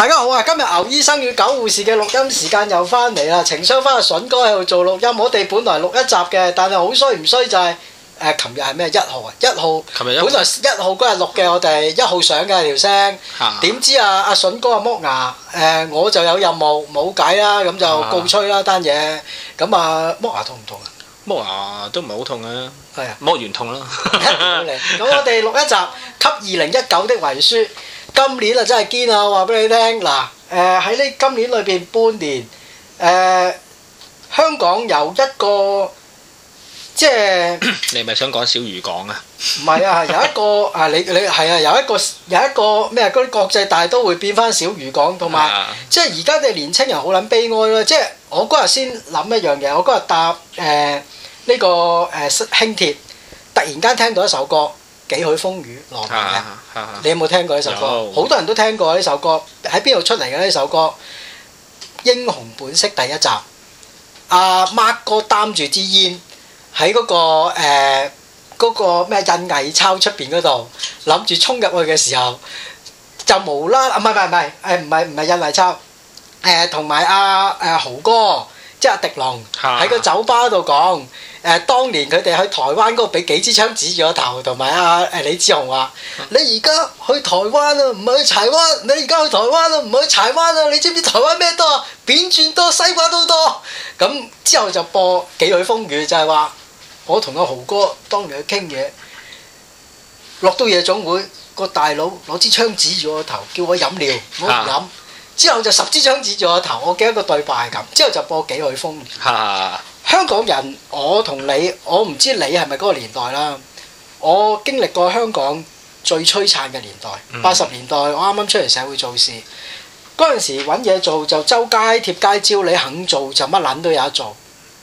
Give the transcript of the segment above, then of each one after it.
大家好啊！今日牛醫生與狗護士嘅錄音時間又翻嚟啦。情商翻阿笋哥喺度做錄音，我哋本來錄一集嘅，但係好衰唔衰就係、是、誒，琴、呃、日係咩一號，號，號，號啊？一號、啊，琴日一號，本來一號嗰日錄嘅，我哋一號上嘅條聲，點知阿阿笋哥阿剝牙，誒、呃、我就有任務，冇計啦，咁就告吹啦單嘢。咁啊，剝、啊、牙痛唔痛，痛啊？剝牙都唔係好痛嘅，係啊，剝完痛啦。咁 我哋錄一集給二零一九的遺書。今年啊真係堅啊！我話俾你聽，嗱誒喺呢今年裏邊半年誒，香港有一個即係，你係咪想講小魚港啊？唔係啊，有一個啊，你你係啊，有一個有一個咩嗰啲國際大都會變翻小魚港，同埋即係而家嘅年青人好撚悲哀咯。即係我嗰日先諗一樣嘢，我嗰日搭誒呢個誒輕鐵，突然間聽到一首歌。幾許風雨浪平，啊啊啊、你有冇聽過呢首歌？好有多人都聽過呢首歌，喺邊度出嚟嘅呢首歌？英雄本色第一集，阿、啊、Mark 哥擔住支煙喺嗰、嗰個誒咩、呃嗰個、印藝抄出邊嗰度，諗住衝入去嘅時候就無啦，唔係唔係誒，唔係唔係印藝抄誒，同埋阿誒豪哥。即係迪龍喺個、啊、酒吧度講，誒當年佢哋喺台灣嗰度俾幾支槍指住個頭，同埋阿李子雄話：啊、你而家去台灣啊，唔係去柴灣；你而家去台灣啊，唔係去柴灣啊！你知唔知台灣咩多？扁鑽多西瓜都多。咁之後就播《幾許風雨》就係，就係話我同阿豪哥當年去傾嘢，落到夜總會，嗰個大佬攞支槍指住我頭，叫我飲料，我唔飲。啊啊之後就十支張紙做個頭，我記得個對白係咁。之後就播《幾許風》啊。香港人，我同你，我唔知你係咪嗰個年代啦。我經歷過香港最璀璨嘅年代，八十、嗯、年代，我啱啱出嚟社會做事嗰陣時揾嘢做，就周街貼街招，你肯做就乜撚都有得做。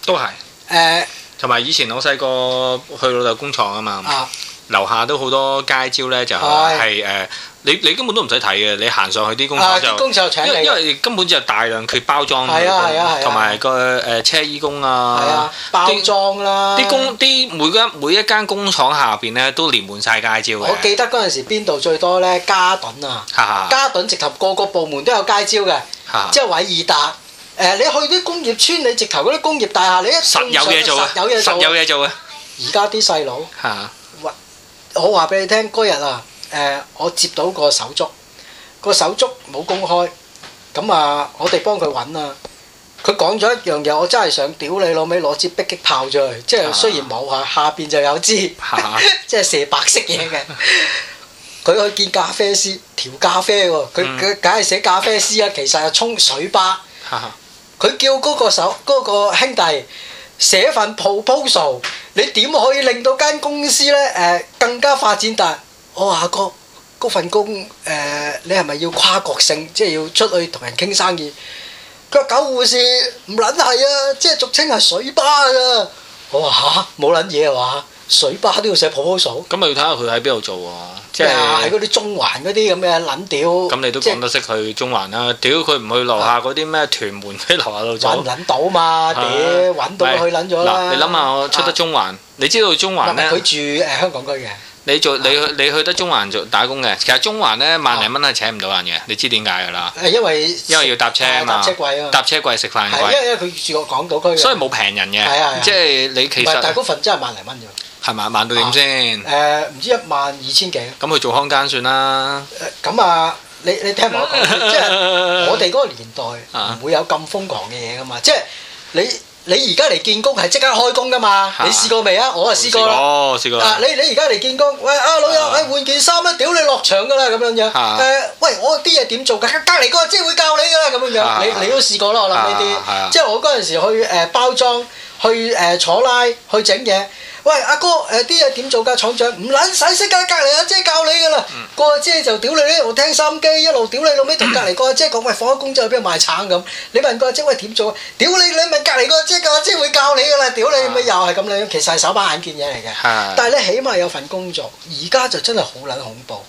都係是。誒、呃，同埋以前我細個去老豆工廠啊嘛，樓、啊、下都好多街招呢。就係誒。唉呃你你根本都唔使睇嘅，你行上去啲工廠就，啊、就因為根本就大量缺包裝，同埋個誒車衣工啊，啊，包裝啦，啲工啲每間每一間工廠下邊咧都連滿晒街招，我記得嗰陣時邊度最多咧？嘉頓啊，嘉頓 直頭個個部門都有街招嘅， 即係偉易達，誒你去啲工業村，你直頭嗰啲工業大廈，你一上實有嘢做啊，實有嘢做啊，而家啲細佬，我話俾你聽嗰日啊。誒，我接到個手足，個手足冇公開咁啊！我哋幫佢揾啦。佢講咗一樣嘢，我真係想屌你老味攞支迫擊炮出去，即係雖然冇下，下邊就有支，即係射白色嘢嘅。佢去見咖啡師調咖啡喎，佢佢梗係寫咖啡師啊，其實係沖水吧。佢叫嗰個手嗰個兄弟寫份 proposal，你點可以令到間公司咧誒更加發展大？我話個嗰份工誒、呃，你係咪要跨國性，即係要出去同人傾生意？佢話搞護士唔撚係啊，即係俗稱係水巴啊！我話嚇冇撚嘢啊嘛，水巴都要寫鋪鋪數。咁咪、嗯、要睇下佢喺邊度做啊？即係喺嗰啲中環嗰啲咁嘅撚屌。咁、嗯、你都講得識去中環啦、啊？屌佢唔去樓下嗰啲咩屯門啲樓下度做？揾唔撚到嘛？屌、嗯、揾到咪去撚咗啦？你諗下我出得中環，啊、你知道中環咩？佢、啊、住誒香港區嘅。你做你去你去得中環做打工嘅，其實中環咧萬零蚊係請唔到人嘅，你知點解㗎啦？誒，因為因為要搭車啊嘛，搭車貴啊嘛，搭車貴食飯貴，因為因為佢住個港島區，所以冇平人嘅，即係你其實唔係，但係嗰份真係萬零蚊啫，係嘛？萬到點先？誒唔知一萬二千幾？咁去做空間算啦。咁啊，你你聽我講，即係我哋嗰個年代唔會有咁瘋狂嘅嘢㗎嘛，即係你。你而家嚟見工係即刻開工噶嘛？啊、你試過未啊？我啊試過啦。哦，試過啦。啊，你你而家嚟見工，喂，阿老友，哎、啊，換件衫啊！屌你落場㗎啦，咁樣樣。誒、啊呃，喂，我啲嘢點做㗎？隔離個即係會教你㗎，咁樣樣。啊、你你都試過啦，我諗呢啲。啊啊、即係我嗰陣時去誒包裝，去誒坐拉，去整嘢。喂，阿哥，誒啲嘢點做㗎？廠長唔撚使識嘅，隔離阿姐教你㗎啦。個阿姐就屌你咧，一路聽心機，一路屌你老味同隔離個阿姐講：喂，放咗工走去邊度賣橙咁？你問個阿姐喂，點做？屌你！你問隔離個阿姐，個阿姐會教你㗎啦！屌你！咪又係咁樣，其實係手把眼見嘢嚟嘅。係。但係咧，起碼有份工作，而家就真係好撚恐怖。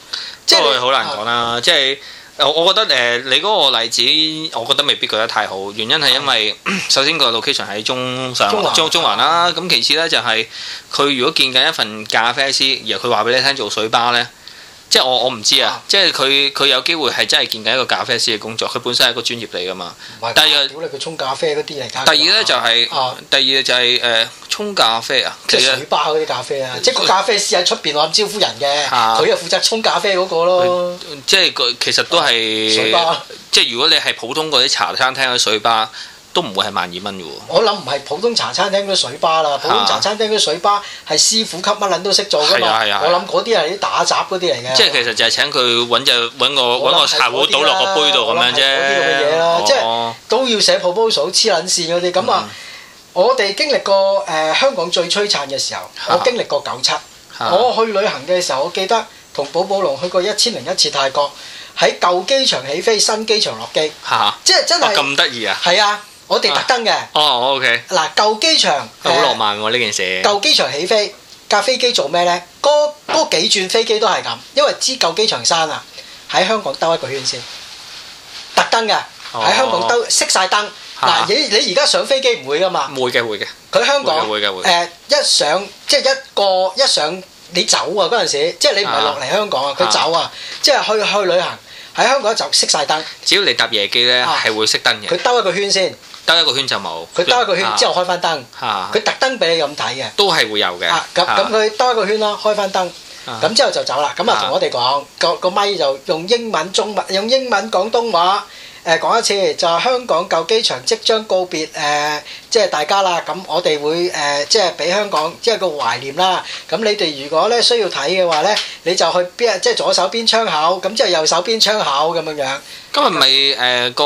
即係好難講啦，即係。我我覺得誒、呃、你嗰個例子，我覺得未必覺得太好。原因係因為、嗯、首先個 location 喺中上中中環啦，咁其次呢就係、是、佢如果見緊一份咖啡師，而佢話俾你聽做水吧呢。即係我我唔知啊！即係佢佢有機會係真係見緊一個咖啡師嘅工作，佢本身係一個專業嚟㗎嘛。第二，如果你佢沖咖啡嗰啲嚟，第二咧就係，第二就係誒沖咖啡啊，即係水吧嗰啲咖啡啊，即係個咖啡師喺出邊攬招呼人嘅，佢又負責沖咖啡嗰個咯。即係佢其實都係水吧，即係如果你係普通嗰啲茶餐廳嘅水吧。都唔會係萬二蚊嘅喎，我諗唔係普通茶餐廳嗰啲水吧啦，普通茶餐廳嗰啲水吧係師傅級乜撚都識做嘅嘛。係啊！係啊！我諗嗰啲係啲打雜嗰啲嚟嘅。即係其實就係請佢揾隻揾個揾個茶壺倒落個杯度咁樣啫。啲咁嘅嘢啦。即係都要寫 proposal 黐撚線嗰啲咁啊！我哋經歷過誒香港最璀璨嘅時候，我經歷過九七。我去旅行嘅時候，我記得同寶寶龍去過一千零一次泰國，喺舊機場起飛，新機場落機。嚇！即係真係咁得意啊！係啊！我哋特登嘅哦，OK，嗱舊機場，好浪漫喎呢件事。舊機場起飛架飛機做咩咧？嗰嗰幾轉飛機都係咁，因為知舊機場山啊，喺香港兜一個圈先，特登嘅喺香港兜熄晒燈嗱，你你而家上飛機唔會噶嘛？會嘅會嘅，佢香港會嘅會誒一上即係一個一上你走啊嗰陣時，即係你唔係落嚟香港啊，佢走啊，即係去去旅行喺香港就熄晒燈。只要你搭夜機咧，係會熄燈嘅。佢兜一個圈先。兜一個圈就冇，佢兜一個圈之後開翻燈，佢特登俾你咁睇嘅，都係會有嘅。咁咁佢兜一個圈咯，開翻燈，咁之後就走啦。咁啊，同我哋講個個咪就用英文、中文用英文廣東話。誒講一次，就係香港舊機場即將告別誒，即係大家啦。咁我哋會誒，即係俾香港即係個懷念啦。咁你哋如果咧需要睇嘅話咧，你就去邊？即係左手邊窗口，咁之後右手邊窗口咁樣樣。咁係咪誒個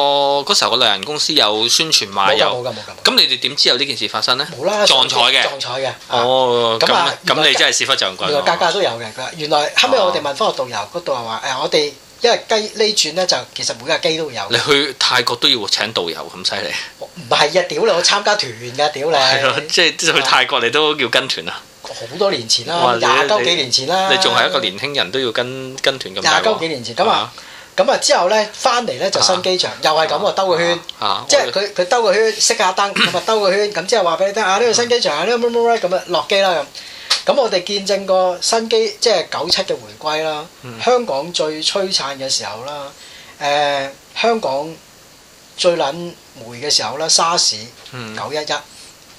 嗰時候個旅行公司有宣傳賣？冇噶，冇噶，冇噶。咁你哋點知有呢件事發生咧？冇啦，撞彩嘅。撞彩嘅。哦。咁啊，咁你真係屎忽撞鬼。原來價格都有嘅。佢原來後尾我哋問翻個導遊，個導遊話誒，我哋。因為雞呢轉咧就其實每架機都有。你去泰國都要請導遊咁犀利？唔係啊，屌你，我參加團㗎，屌你。即係去泰國你都要跟團啊。好多年前啦，廿多幾年前啦。你仲係一個年輕人都要跟跟團咁大鑊？廿幾年前，咁啊咁啊，之後咧翻嚟咧，就新機場又係咁啊兜個圈，即係佢佢兜個圈，熄下燈，兜個圈，咁之後話俾你聽啊，呢個新機場啊呢，咁啊落機啦咁。咁我哋見證過新機，即係九七嘅回歸啦、嗯呃，香港最璀璨嘅時候啦，誒香港最撚霉嘅時候啦沙士，嗯、九一一，誒、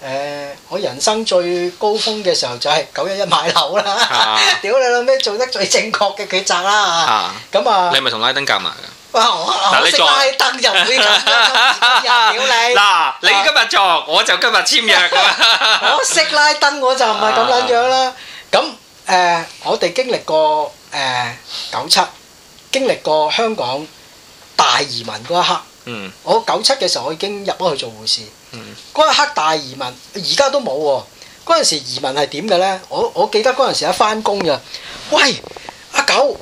呃、我人生最高峰嘅時候就係九一一買樓啦，屌你老味，做得最正確嘅抉擇啦，咁啊，啊你係咪同拉登夾埋？哇！我識拉登又會咁樣，又屌你嗱！你今日做，我就今日簽約咁。我識拉登我就唔係咁撚樣啦。咁誒，我哋經歷過誒九七，經歷過香港大移民嗰一刻。嗯。我九七嘅時候，我已經入咗去做護士。嗯。嗰一刻大移民，而家都冇喎。嗰陣時移民係點嘅咧？我我記得嗰陣時一翻工就，喂，阿九。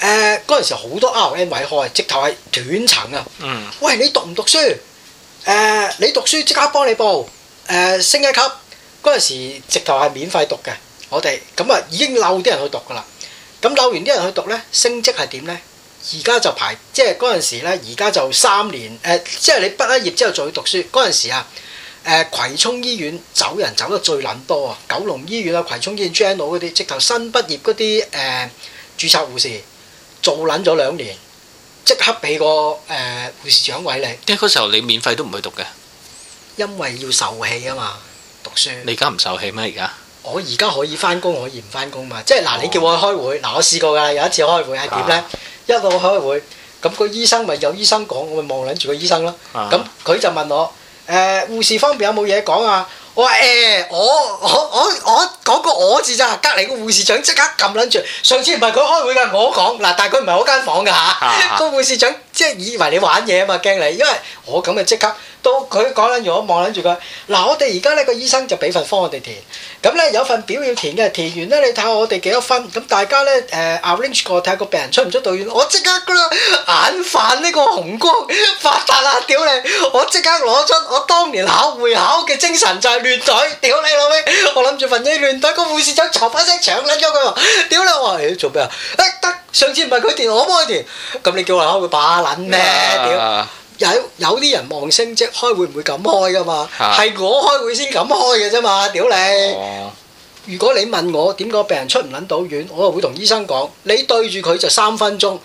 誒嗰陣時好多 R N 位開，直頭係斷層啊！嗯、喂，你讀唔讀書？誒、呃，你讀書即刻幫你報，誒、呃、升一級。嗰陣時直頭係免費讀嘅，我哋咁啊已經溜啲人去讀噶啦。咁溜完啲人去讀咧，升職係點咧？而家就排即係嗰陣時咧，而家就三年誒、呃，即係你畢咗業之後再去讀書。嗰陣時啊，誒、呃、葵涌醫院走人走得最撚多啊，九龍醫院啊、葵涌醫院、General 嗰啲直頭新畢業嗰啲誒註冊護士，做捻咗兩年，即刻俾個誒護、呃、士長位你。即係嗰時候，你免費都唔去讀嘅。因為要受氣啊嘛，讀書。你而家唔受氣咩？而家我而家可以翻工，可以唔翻工嘛？即係嗱，你叫我去開會，嗱、哦，我試過㗎啦。有一次開會係點咧？啊、一個開會，咁、嗰個醫生咪有醫生講，我咪望捻住個醫生咯。咁佢、啊、就問我：誒、呃，護士方面有冇嘢講啊？喂，誒、欸，我我我我講個我字咋，隔離個護士長即刻撳撚住。上次唔係佢開會㗎，我講嗱，但係佢唔係我間房㗎嚇，個、啊、護 士長。即係以為你玩嘢啊嘛，驚你，因為我咁啊即刻到佢講緊住，我望緊住佢。嗱，我哋而家呢個醫生就俾份方我哋填，咁咧有份表要填嘅，填完咧你睇下我哋幾多分。咁大家咧誒，arrange 過睇下個病人出唔出到院。我即刻個眼泛呢個紅光，發達啦！屌你，我即刻攞出我當年考會考嘅精神就係亂隊，屌你老味！我諗住問啲亂隊、嗰個護士長嘈返聲搶撚咗佢，屌你你、欸、做咩啊？得、欸。上次唔係佢電我開電話，咁你叫我，我會 Yeah. 開會把撚咩？屌有有啲人望升職開會唔會咁開㗎嘛？係 Yeah. 我開會先咁開嘅啫嘛？屌你！Oh. 如果你問我點解病人出唔撚到院，我又會同醫生講，你對住佢就三分鐘。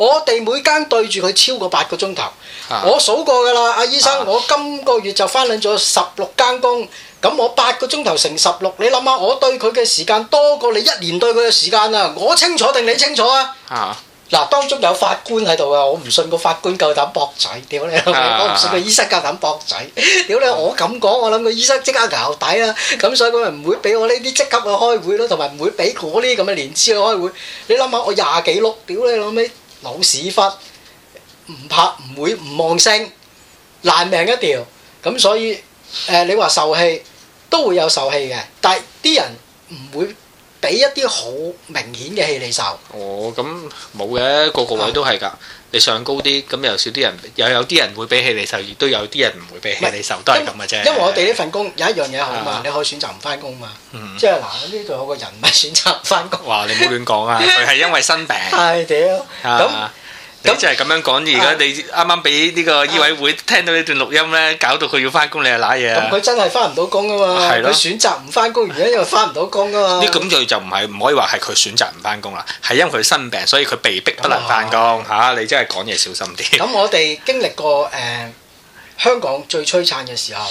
我哋每間對住佢超過八個鐘頭，啊、我數過㗎啦，阿、啊、醫生，啊、我今個月就翻領咗十六間工，咁我八個鐘頭乘十六，你諗下我對佢嘅時間多過你一年對佢嘅時間啊！我清楚定你清楚啊？嗱、啊啊，當中有法官喺度啊， 我唔信個法官夠膽駁仔屌你，我唔信個醫生夠膽駁仔屌你、啊！ 我咁講，我諗個醫生即刻淆底啦，咁所以佢唔會俾我呢啲即刻去開會咯，同埋唔會俾嗰啲咁嘅年資去開會。你諗下我廿幾六，屌你老味！老屎忽，唔拍唔會唔望聲，爛命一條咁，所以誒、呃、你話受氣都會有受氣嘅，但係啲人唔會。俾一啲好明顯嘅氣你受。哦，咁冇嘅，個個位都係㗎。你上高啲，咁又少啲人，又有啲人會俾氣你受，亦都有啲人唔會俾氣你受，都係咁嘅啫。因為我哋呢份工有一樣嘢好嘛，你可以選擇唔翻工嘛。嗯，即係嗱，呢度我個人唔係選擇翻工話，你唔好亂講啊。佢係因為生病。係屌。咁。咁即係咁樣講，而家你啱啱俾呢個醫委會，會聽到呢段錄音咧，啊、搞到佢要翻工，你係瀨嘢？咁佢真係翻唔到工㗎嘛？佢選擇唔翻工，而家又翻唔到工㗎嘛？呢咁就就唔係唔可以話係佢選擇唔翻工啦，係因為佢生病，所以佢被逼不能翻工吓。你真係講嘢小心啲。咁我哋經歷過誒、呃、香港最璀璨嘅時候。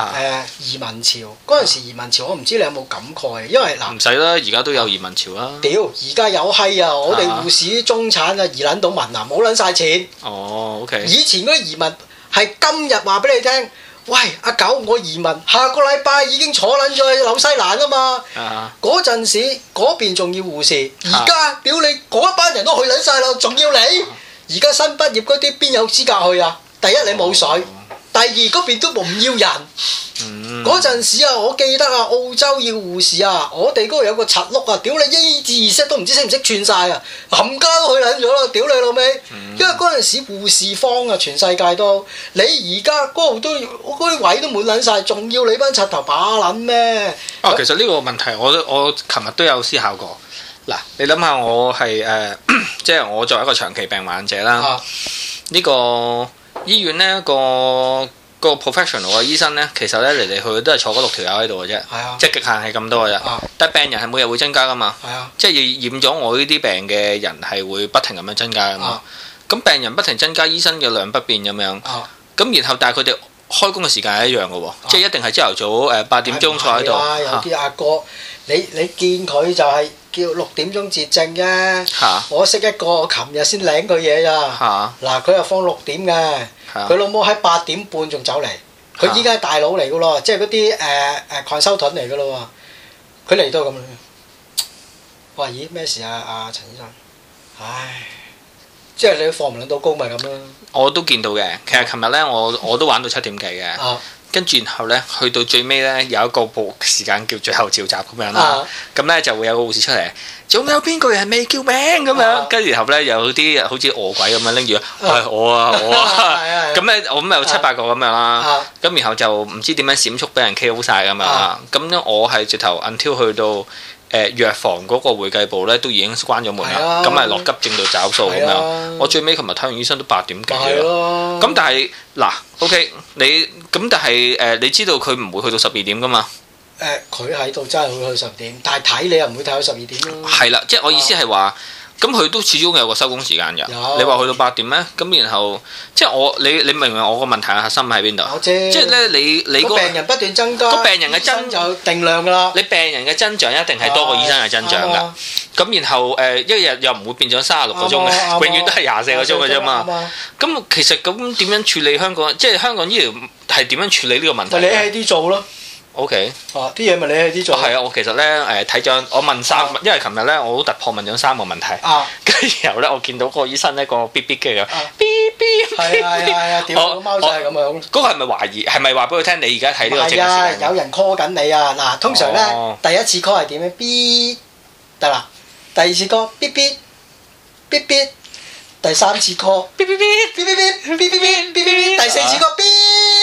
啊、移民潮嗰陣時，移民潮我唔知你有冇感慨，因為嗱，唔使啦，而家都有移民潮啦、啊。屌，而家有閪啊！我哋護士中產啊，移撚到民啊，冇撚晒錢。哦，OK。以前嗰啲移民係今日話俾你聽，喂，阿、啊、九，我移民下個禮拜已經坐撚咗去紐西蘭啊嘛。啊。嗰陣時嗰邊仲要護士，而家屌你嗰一班人都去撚晒啦，仲要你？而家、啊、新畢業嗰啲邊有資格去啊？第一你冇水。第二嗰邊都唔要人，嗰陣、嗯、時啊，我記得啊，澳洲要護士啊，我哋嗰度有個柒碌啊，屌你英字式都唔知識唔識串晒啊，冚家都去撚咗啦，屌你老味，嗯、因為嗰陣時護士荒啊，全世界都，你而家嗰度都嗰啲、那個、位都冇撚晒，仲要你班柒頭把撚咩？啊，哦嗯、其實呢個問題我，我都我琴日都有思考過。嗱，你諗下，我係誒，即係我作為一個長期病患者啦，呢、啊啊呢個。醫院呢、嗰個、嗰個 professional 嘅醫生呢，其實呢嚟嚟去去都係坐嗰六條友喺度嘅啫，啊、即極限係咁多嘅啫。啊、但係病人係每日會增加噶嘛，啊、即係染咗我呢啲病嘅人係會不停咁樣增加噶嘛。咁、啊、病人不停增加，醫生嘅量不變咁樣。咁、啊、然後但係佢哋開工嘅時間係一樣嘅喎，啊、即係一定係朝頭早八點鐘坐喺度、啊。有見阿哥，你你見佢就係、是。叫六點鐘截正嘅、啊，啊、我識一個，琴日先領佢嘢咋？嗱、啊，佢又放六點嘅，佢、啊、老母喺八點半仲走嚟。佢依家係大佬嚟嘅咯，即係嗰啲誒誒 consultant 嚟嘅咯。佢嚟都係咁嘅。我咦咩、呃、事啊？阿、啊、陳醫生，唉，即係你放唔量到高咪咁咯。我都見到嘅，其實琴日呢，我我都玩到七點幾嘅。 啊跟住然後咧，去到最尾咧，有一個部時間叫最後召集咁樣啦。咁咧就會有個護士出嚟，仲有邊個人未叫名咁樣？跟住然後咧，有啲好似餓鬼咁樣拎住，喂，我啊我啊。咁咧我咁有七八個咁樣啦。咁然後就唔知點樣閃速俾人 KO 晒咁樣啦。咁咧我係直頭 until 去到。誒、呃、藥房嗰個會計部咧都已經關咗門啦，咁咪、啊、落急症度找數咁、啊、樣。啊、我最尾琴日睇完醫生都八點幾啦。咁、啊、但係嗱，OK 你咁但係誒、呃，你知道佢唔會去到十二點噶嘛？佢喺度真係會去十點，但係睇你又唔會睇到十二點咯。係啦、啊，即、就、係、是、我意思係話。啊咁佢都始終有個收工時間㗎有。你話去到八點咩？咁然後即係我你你明唔明我個問題核心喺邊度？即係咧，你你、個病人不斷增多，個病人嘅增就定量噶啦。你病人嘅增長一定係多過醫生嘅增長㗎。咁然後誒、呃、一日又唔會變咗三十六個鐘嘅，永遠都係廿四個鐘嘅啫嘛。咁其實咁點樣處理香港？即係香港醫療係點樣處理呢個問題？你喺啲做咯。O K，哦，啲嘢問你呢種，係啊，我其實咧誒睇咗，我問三，因為琴日咧我好突破問咗三個問題，啊，跟住然後咧我見到個醫生咧個咇咇機樣，咇咇，係啊係啊，屌個貓仔咁樣，嗰個係咪懷疑？係咪話俾佢聽你而家睇呢個？係啊，有人 call 緊你啊！嗱，通常咧第一次 call 係點咧？咇得啦，第二次 call 咇咇咇咇，第三次 call 咇咇咇咇咇咇咇咇咇，第四次 call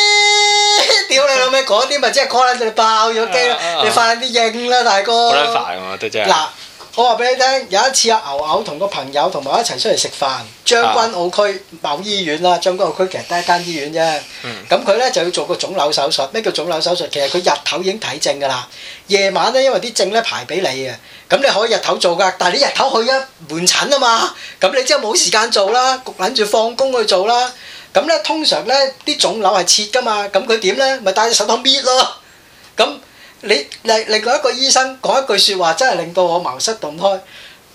屌你老味，講啲咪即係講喺度爆咗機，你，啊啊、你快啲應啦大哥。好卵煩我都真係。嗱、啊，我話俾你聽，有一次阿牛牛同個朋友同埋我一齊出嚟食飯，將軍澳區某醫院啦，將軍澳區其實得一間醫院啫。咁佢咧就要做個腫瘤手術，咩叫腫瘤手術？其實佢日頭已經睇症㗎啦，夜晚咧因為啲症咧排俾你嘅，咁你可以日頭做㗎，但係你日頭去啊門診啊嘛，咁你之後冇時間做啦，焗撚住放工去做啦。咁咧通常咧啲腫瘤係切㗎嘛，咁佢點咧？咪戴隻手套搣咯。咁你另另外一個醫生講一句説話，真係令到我茅塞頓開。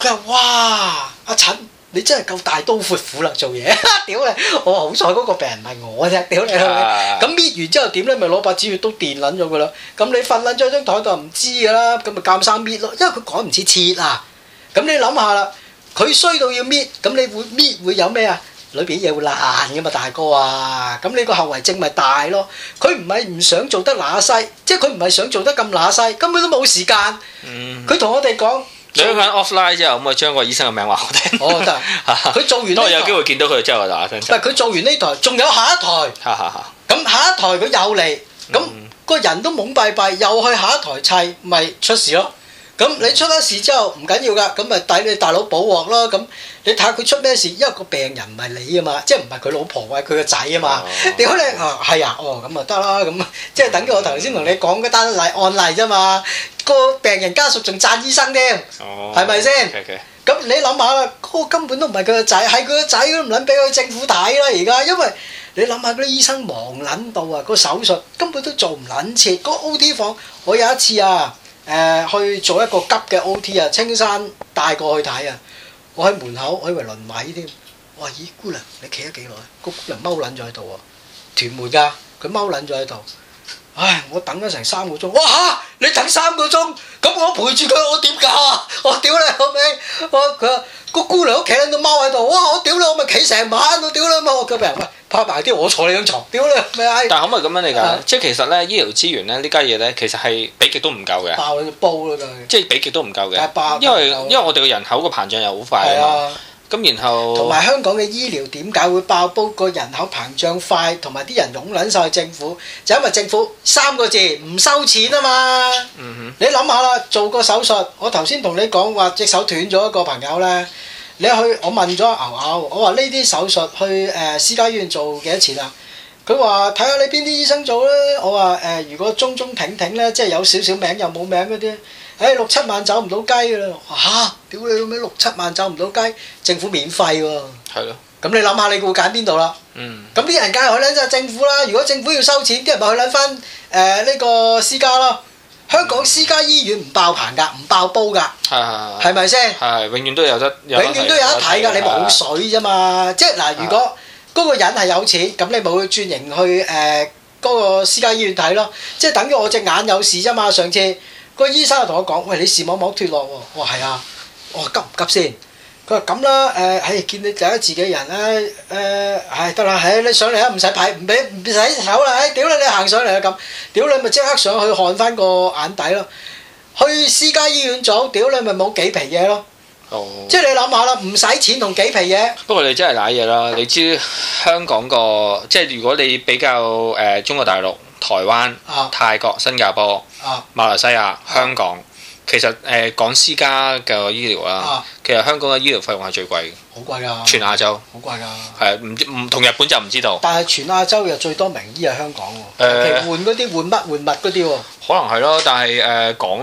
佢話：哇，阿陳你真係夠大刀闊斧啦做嘢，屌你！我話好彩嗰個病人唔係我啫，屌你！咁搣完之後點咧？咪攞把紙血刀電撚咗佢啦。咁你瞓撚咗張台度唔知㗎啦，咁咪監生搣咯。因為佢講唔切切啊。咁你諗下啦，佢衰到要搣，咁你會搣會有咩啊？裏邊嘢會爛嘅嘛，大哥啊！咁你個後遺症咪大咯。佢唔係唔想做得乸西，即係佢唔係想做得咁乸西，根本都冇時間。佢同、嗯、我哋講，兩份以 offline 之後，咁啊將個醫生嘅名話我聽。我得、哦，佢 做完都有機會見到佢之後話打聲。 但係佢做完呢台，仲有下一台。咁 下一台佢又嚟，咁、那個人都懵閉閉，又去下一台砌，咪出事咯。咁、嗯、你出咗事之後唔緊要噶，咁咪抵你大佬保鑊咯。咁你睇下佢出咩事，因為個病人唔係你啊嘛，即係唔係佢老婆，係佢個仔啊嘛。哦、你好靚、啊？哦，係啊，哦，咁啊得啦，咁即係等於我頭先同你講嗰單例案例啫嘛。嗯、個病人家屬仲讚醫生添，係咪先？咁 okay, okay. 你諗下啦，嗰、那個、根本都唔係佢個仔，係佢個仔都唔撚俾佢政府睇啦。而家因為你諗下嗰啲醫生忙撚到啊，個手術根本都做唔撚切。個 OT 房我有一次啊～呃，去做一個急嘅 OT 啊，青山帶過去睇啊，我喺門口，我以為輪椅添，我話咦，姑娘，你企咗幾耐？個姑娘踎攣咗喺度啊，屯門㗎，佢踎攣咗喺度，唉，我等咗成三個鐘，哇嚇，你等三個鐘？咁我陪住佢，我點搞啊？我屌你，好未？我佢個姑娘屋企咧，個貓喺度。哇！我屌你，我咪企成晚。我屌你，咪我今日喂拍埋啲，我坐你張床，屌你咪啊！但係咁咪咁樣嚟㗎，即係其實咧醫療資源咧、嗯、呢家嘢咧，其實係比極都唔夠嘅。爆、嗯、啦煲啦，即係比極都唔夠嘅。因為因為我哋個人口個膨脹又好快啊。咁然後同埋香港嘅醫療點解會爆煲？個人口膨脹快，同埋啲人擁攬晒政府，就係、因為政府三個字唔收錢啊嘛！嗯、哼你諗下啦，做個手術，我頭先同你講話隻手斷咗一個朋友咧，你去我問咗牛牛，我話呢啲手術去、呃、私家醫院做幾多錢啊？佢話睇下你邊啲醫生做咧。我話、呃、如果中中挺挺呢，即係有少少名又冇名嗰啲。誒、哎、六七萬走唔到雞啦嚇！屌你老味六七萬走唔到雞，政府免費喎。係咯，咁你諗下，你會揀邊度啦？嗯。咁啲人梗係去撚晒政府啦。如果政府要收錢，啲人咪去撚翻誒呢個私家咯。香港私家醫院唔爆棚㗎，唔爆煲㗎。係係係。咪先吧？係，永遠都有得有。永遠都有得睇㗎，你冇水啫嘛。即係嗱、呃，如果嗰個人係有錢，咁你冇轉型去誒嗰、呃嗰個私家醫院睇咯。即係等於我隻眼有事啫嘛。上次。個醫生又同我講：喂，你視網膜脱落喎，我話係啊，我話急唔急先？佢話咁啦，誒，唉，見你第一自己人咧，誒，唉，得啦，唉，你上嚟啦，唔使睇，唔俾，唔使手啦，唉，屌你，你行上嚟啦咁，屌你咪即刻上去看翻個眼底咯。去私家醫院做，屌你咪冇幾皮嘢咯。哦。即係你諗下啦，唔使錢同幾皮嘢。不過你真係瀨嘢啦，你知香港個，即係如果你比較誒中國大陸。台灣、泰國、新加坡、馬來西亞、香港，其實誒講私家嘅醫療啊，其實香港嘅醫療費用係最貴嘅，好貴㗎，全亞洲好貴㗎，係唔唔同日本就唔知道。但係全亞洲又最多名醫係香港喎，其實換嗰啲換乜換物嗰啲喎。可能係咯，但係誒講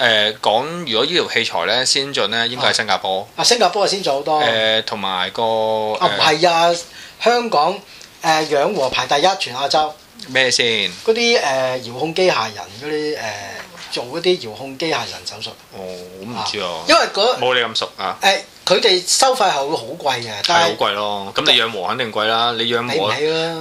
誒講，如果醫療器材咧先進咧，應該係新加坡。啊，新加坡係先進好多。誒，同埋個啊，唔係啊，香港誒養和排第一，全亞洲。咩先？嗰啲誒遙控機械人嗰啲誒，做嗰啲遙控機械人手術哦，咁唔知啊，啊，因為嗰冇你咁熟啊。哎、呃。佢哋收費係會好貴嘅，但係好、啊、貴咯。咁你養和肯定貴啦，你養和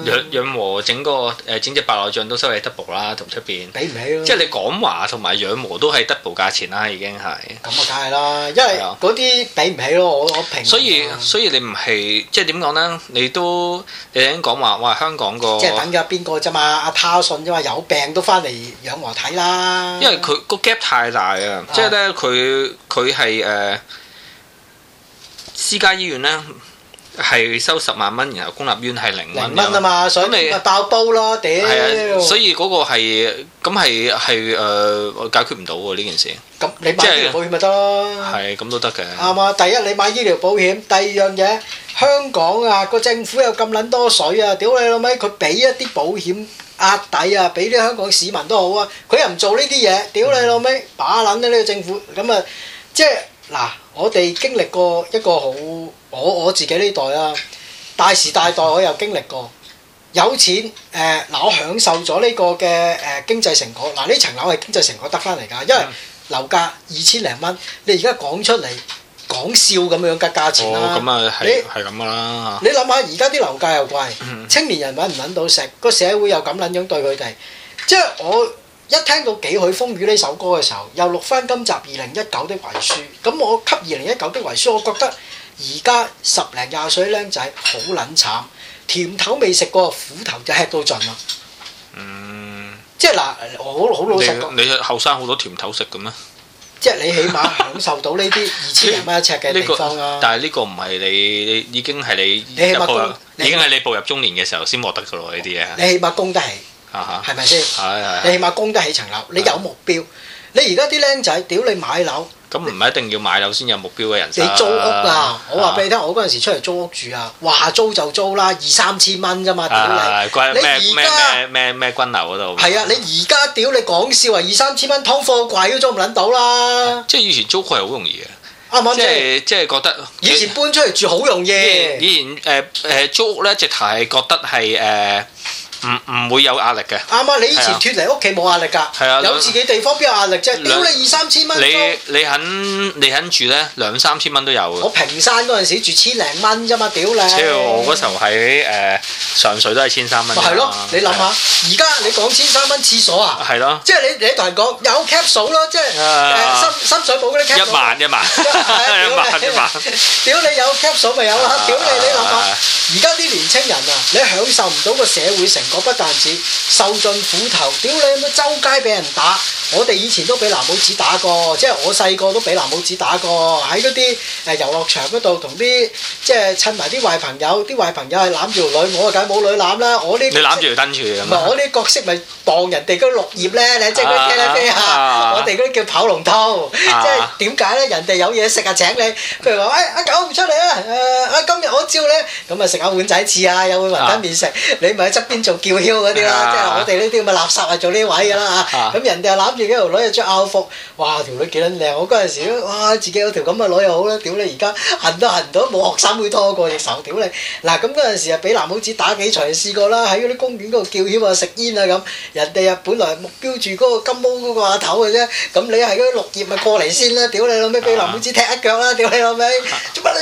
養養和整個誒整隻白內障都收你 double 啦，同出邊畀唔起咯。即係你講話同埋養和都係 double 價錢啦，已經係。咁啊，梗係啦，因為嗰啲畀唔起咯，我我平所。所以所以你唔係即係點講咧？你都你講話哇，香港個即係等緊邊個啫嘛？阿、啊、泰信啫嘛，有病都翻嚟養和睇啦。因為佢、個 gap 太大啊，即係咧佢佢係誒。私家醫院咧係收十萬蚊，然後公立醫院係零萬蚊啊嘛，上嚟咪爆煲咯！屌，所以嗰個係咁係係誒解決唔到喎呢件事。咁你買醫療保險咪得咯？係咁都得嘅。啱嘛？第一你買醫療保險，第二樣嘢香港啊個政府又咁撚多水啊！屌你老味，佢俾一啲保險壓底啊，俾啲香港市民都好啊，佢又唔做呢啲嘢！屌你老味，把撚呢個政府咁啊，即係。嗱，我哋經歷過一個好，我我自己呢代啦，大時大代我又經歷過，有錢誒，嗱、呃、我享受咗呢個嘅誒、呃、經濟成果，嗱呢層樓係經濟成果得翻嚟㗎，因為樓價二千零蚊，你而家講出嚟講笑咁樣嘅價錢、哦、你啦，你係咁㗎啦，你諗下而家啲樓價又貴，青年人揾唔揾到食，個社會又咁撚樣對佢哋，即係我。一聽到《幾許風雨》呢首歌嘅時候，又錄翻今集《二零一九的遺書》。咁我給二零一九的遺書，我覺得而家十零廿歲靚仔好撚慘，甜頭未食過，苦頭就吃到盡啦。嗯，即係嗱，我好老實講，你後生好多甜頭食嘅咩？即係你起碼享受到呢啲二千零蚊一尺嘅地方啊。但係呢個唔係你，已經係你，你起碼已經係你步入中年嘅時候先獲得嘅咯，呢啲嘢。你起碼供得起。啊，係咪先？係係，你起碼供得起層樓，你有目標。你而家啲僆仔，屌你買樓？咁唔係一定要買樓先有目標嘅人先。你租屋啊？我話俾你聽，我嗰陣時出嚟租屋住啊，話租就租啦，二三千蚊啫嘛，屌你！你而家咩咩咩咩軍樓嗰度？係啊，你而家屌你講笑啊？二三千蚊劏貨鬼都租唔捻到啦！即係以前租屋係好容易嘅，啱啱，即係即係覺得。以前搬出嚟住好容易。以前誒誒租屋咧，直頭係覺得係誒。唔唔會有壓力嘅，啱啱你以前脱離屋企冇壓力噶，係啊，有自己地方邊有壓力啫？屌你二三千蚊，你你肯你肯住咧？兩三千蚊都有嘅。我平山嗰陣時住千零蚊啫嘛，屌你！超，我嗰時候喺誒上水都係千三蚊。咪係咯？你諗下，而家你講千三蚊廁所啊？係咯，即係你你同人講有 cap 數咯，即係深水埗嗰啲 cap 數。一萬一萬，一萬一萬。屌你有 cap 數咪有啦，屌你你諗下，而家啲年青人啊，你享受唔到個社會成。嗰不但止受盡苦頭，屌你咁啊周街俾人打！我哋以前都俾藍帽子打過，即係我細個都俾藍帽子打過，喺嗰啲誒遊樂場嗰度同啲即係趁埋啲壞朋友，啲壞朋友係攬住女，我啊梗冇女攬啦！我呢你攬住燈柱啊嘛！我啲角色咪當人哋嗰啲綠葉咧，你即係嗰啲茄喱啡？我哋嗰啲叫跑龍套，即係點解咧？人哋有嘢食啊！請你，譬如話誒阿狗唔出嚟啦！誒，今日我召你，咁啊食下碗仔翅啊，有碗雲吞麪食，你咪喺側邊做。叫囂嗰啲啦，即係我哋呢啲咪垃圾嚟做呢位嘅啦嚇，咁人哋又攬住嗰條女又着校服，哇條女幾撚靚，我嗰陣時都哇自己有條咁嘅女又好啦，屌你而家行都行唔到，冇學生妹拖過隻手，屌你！嗱咁嗰陣時啊，俾藍帽子打幾錘試過啦，喺嗰啲公園嗰度叫囂啊食煙啊咁，人哋啊本來目標住嗰個金毛嗰個阿頭嘅啫，咁你係嗰啲綠葉咪過嚟先啦，屌你老味！俾藍帽子踢一腳啦，屌你老味！做乜？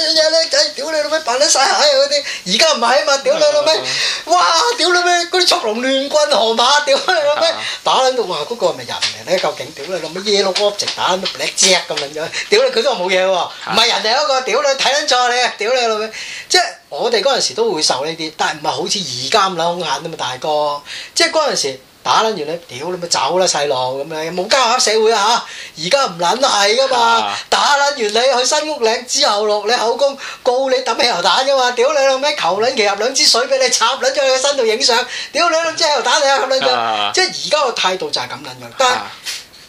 屌你老味扮得曬閪嗰啲，而家唔係嘛？的屌你老味，哇！屌你老味，嗰啲速龍亂軍河馬，屌你老味，打撚到話嗰個係咪人嚟咧？究竟屌你老味耶龍哥直打都叻只咁撚樣，屌你佢都話冇嘢喎，唔係的人哋嗰、嗰個，屌你睇撚錯你，屌你老味，即係我哋嗰陣時都會受呢啲，但係唔係好似而家咁撚兇狠啫嘛，大哥，即係嗰陣時。打撚完你，屌你咪走啦！細路咁樣冇家俬社會啊！而家唔撚係噶嘛，啊、打撚完你去新屋嶺之後落你口供告你揼汽油彈啫嘛！屌你老味，求撚其入兩支水俾你插撚咗你喺身度影相，屌你老味，即係油彈嚟啊！即係而家個態度就係咁撚樣，但係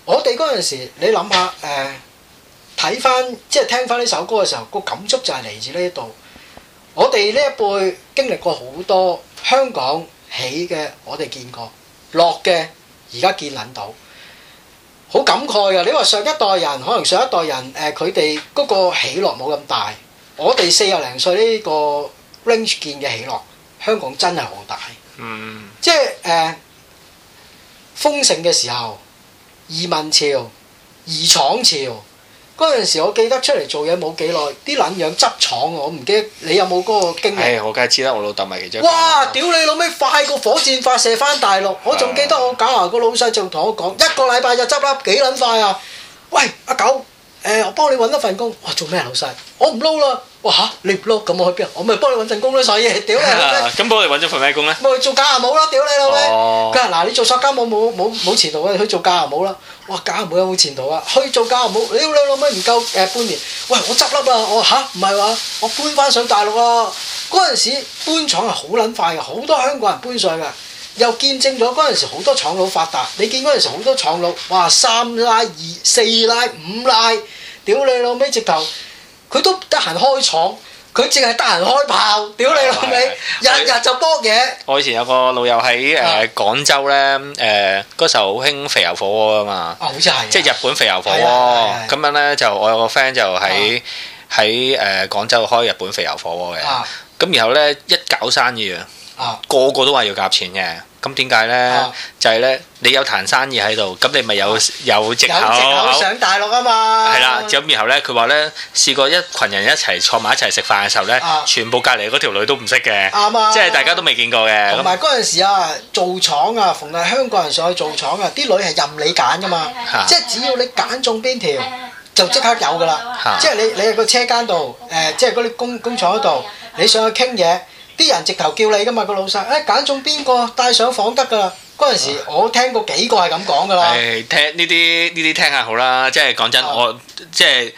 我哋嗰陣時，你諗下誒，睇翻即係聽翻呢首歌嘅時候，個、呃、感觸就係嚟自呢度。我哋呢一輩經歷過好多香港起嘅，我哋見過。落嘅而家見撚到，好感慨啊。你話上一代人，可能上一代人誒，佢哋嗰個起落冇咁大。我哋四廿零歲呢個 range 見嘅起落，香港真係好大。嗯，即係誒，豐盛嘅時候，移民潮，移廠潮。嗰陣時我記得出嚟做嘢冇幾耐，啲撚樣執廠，我唔記得你有冇嗰個經歷。誒、哎，我梗係知啦，我老豆咪其中。哇！屌你老味，快過火箭發射翻大陸！我仲記得我搞牙個老細仲同我講，啊、一個禮拜就執笠幾撚快啊！喂，阿狗。誒，我幫你揾一份工，哇！做咩啊，老細？我唔撈啦，哇嚇、啊！你唔撈，咁我去邊啊？我咪幫你揾陣工咯，所以，屌你老味！咁幫你揾咗份咩工咧？我做家務冇啦，屌你老味！嗱，你做家家務冇冇冇前途嘅，去做家務冇啦！哇，家務有冇前途啊？去做家務，屌你老、啊、味！唔夠誒半年，喂，我執笠啊，啊！我吓，唔係話，我搬翻上大陸啊！嗰陣時搬廠係好撚快嘅，好多香港人搬上嘅，又見證咗嗰陣時好多廠佬發達。你見嗰陣時好多廠佬哇三奶、二、四奶、五奶。」屌你老味，直頭，佢都得閒開廠，佢淨係得閒開炮，屌你老味，啊、日日就博嘢。啊、我以前有個老友喺誒、呃、廣州咧，誒、呃、嗰時候好興肥牛火鍋啊嘛，啊好即係日本肥牛火鍋咁、啊啊、樣咧，就我有個 friend 就喺喺誒廣州開日本肥牛火鍋嘅，咁、啊啊、然後咧一搞生意啊，個個都話要夾錢嘅。啊啊啊啊啊咁點解咧？就係咧，你有談生意喺度，咁你咪有有藉口上大陸啊嘛！係啦，咁然後咧，佢話咧，試過一群人一齊坐埋一齊食飯嘅時候咧，全部隔離嗰條女都唔識嘅，啱啊，即係大家都未見過嘅。同埋嗰陣時啊，做廠啊，逢係香港人上去做廠啊，啲女係任你揀噶嘛，即係只要你揀中邊條就即刻有噶啦，即係你你喺個車間度誒，即係嗰啲工工廠嗰度，你上去傾嘢。啲人直頭叫你噶嘛，個老細，誒、哎、揀中邊個帶上房得噶啦？嗰陣時我聽過幾個係咁講噶啦。誒、啊、聽呢啲呢啲聽下好啦，即係講真，啊、我即係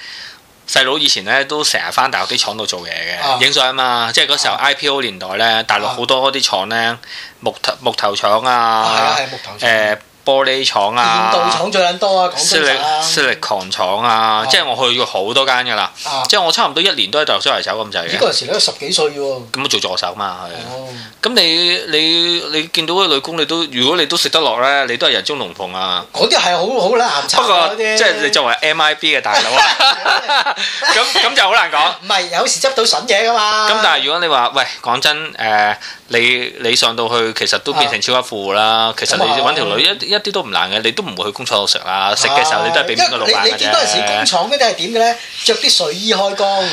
細佬以前咧都成日翻大陸啲廠度做嘢嘅，影相、啊、嘛，啊、即係嗰時候 IPO 年代咧，啊、大陸好多嗰啲廠咧木頭木頭廠啊，係、啊啊啊、木頭誒。呃玻璃廠啊，電動廠最撚多啊，講真啊 silicon 廠啊，即係我去過好多間㗎啦，即係我差唔多一年都喺大在所為走咁滯，呢嗰陣時都十幾歲喎，咁做助手嘛係。咁你你你見到個女工你都，如果你都食得落咧，你都係人中龍鳳啊。嗰啲係好好啦，不過即係你作為 MIB 嘅大佬啊，咁咁就好難講。唔係有時執到筍嘢㗎嘛。咁但係如果你話喂，講真誒，你你上到去其實都變成超級富啦。其實你揾條女一。一啲都唔難嘅，你都唔會去工廠度食啦。食嘅的時候你都係俾邊個老闆啫。因為你你好多陣時工廠嗰啲係點嘅咧？着啲睡衣開工。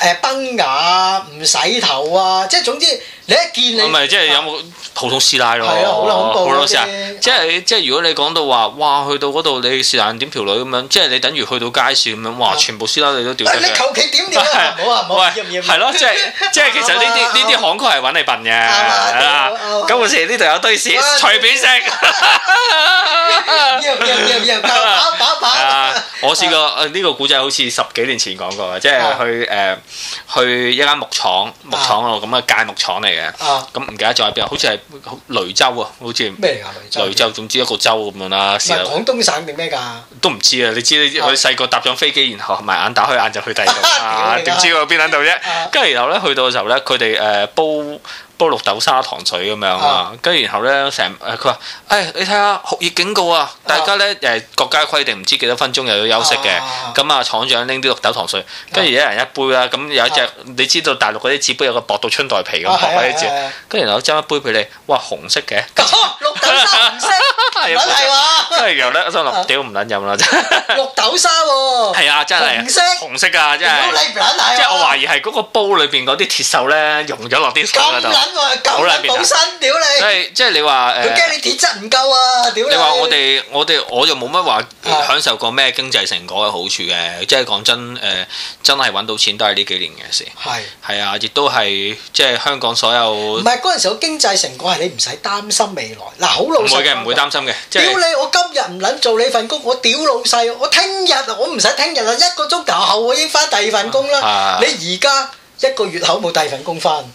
誒崩牙唔洗頭啊，即係總之你一見你唔係即係有冇普通師奶咯？係啊，好恐怖嘅。即係即係，如果你講到話，哇，去到嗰度你是但點條女咁樣，即係你等如去到街市咁樣，哇，全部師奶你都掉。喂，你求其點點啊？唔好啊，唔好。係咯，即係即係，其實呢啲呢啲行街係揾你笨嘅，係嘛？咁好呢度有堆屎，隨便食。我試過呢個古仔，好似十幾年前講過嘅，即係去誒。去一間木廠，木廠，木廠啊，咁嘅鎅木廠嚟嘅，咁唔記得咗喺邊，好似係雷州啊，好似咩嚟噶雷州，雷州總之一個州咁樣啦。廣東省定咩㗎？都唔知啊！你知你知細個搭上飛機，然後埋眼打開眼就去第二度啊？點、啊、知喎邊喺度啫？跟住、啊、然後咧去到嘅時候咧，佢哋誒煲。煲綠豆沙糖水咁樣啊，跟住然後咧成，誒佢話，誒你睇下酷熱警告啊，大家咧誒國家規定唔知幾多分鐘又要休息嘅，咁啊廠長拎啲綠豆糖水，跟住一人一杯啦，咁有一隻你知道大陸嗰啲紙杯有個薄到春袋皮咁薄嗰啲紙，跟住然後斟一杯俾你，哇紅色嘅，綠豆沙紅色，唔撚係喎，都係由得阿生落，屌唔撚飲啦真，綠豆沙喎，係啊真係，紅色紅色㗎真係，即係我懷疑係嗰個煲裏邊嗰啲鐵鏽咧溶咗落啲糖嗰度。我係救唔到身，啊、屌你！即係你話誒，佢驚你鐵質唔夠啊，屌你！你話我哋我哋我又冇乜話享受過咩經濟成果嘅好處嘅，的即係講真誒、呃，真係搵到錢都係呢幾年嘅事。係係啊，亦都係即係香港所有。唔係嗰陣時，經濟成果係你唔使擔心未來。嗱，好老實。唔會嘅，唔會擔心嘅。屌你！就是、我今日唔捻做你份工，我屌老細，我聽日我唔使聽日啊，一個鐘頭後我已經返第二份工啦。的你而家一個月後冇第二份工返。的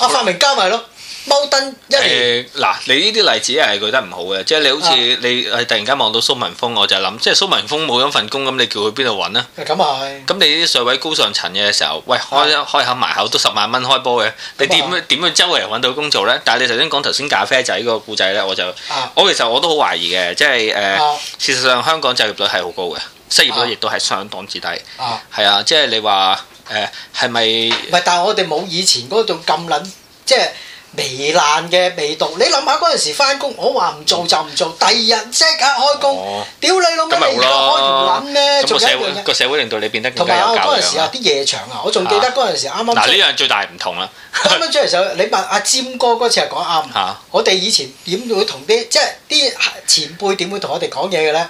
阿發明加埋咯，踎凳一年。嗱、啊，你呢啲例子係舉得唔好嘅，即係你好似你突然間望到蘇文峰，我就諗，即係蘇文峰冇咗份工，咁你叫佢邊度揾咧？咁係。咁你啲上位高上層嘅時候，喂，開開口埋口都十萬蚊開波嘅，你點點去周圍揾到工做呢？但係你頭先講頭先咖啡仔個故仔呢，我就、啊、我其實我都好懷疑嘅，即係誒，呃啊、事實上香港就業率係好高嘅，失業率亦都係相當之低啊。啊，係啊，即、就、係、是、你話。誒係咪？唔係、呃， 但係我哋冇以前嗰種咁撚即係糜爛嘅味道。你諗下嗰陣時翻工，我話唔做就唔做，第二日即刻開工，屌你老味！依家開條捻咩？仲有一個,社會,有一個社會令到你變得同埋我嗰陣時啊，啲夜場啊，我仲記得嗰陣時啱啱。嗱呢樣最大唔同啦！啱啱出嚟就你問阿占、啊、哥嗰次係講啱。嚇、啊！我哋以前點會同啲即係啲前輩點會同我哋講嘢嘅咧？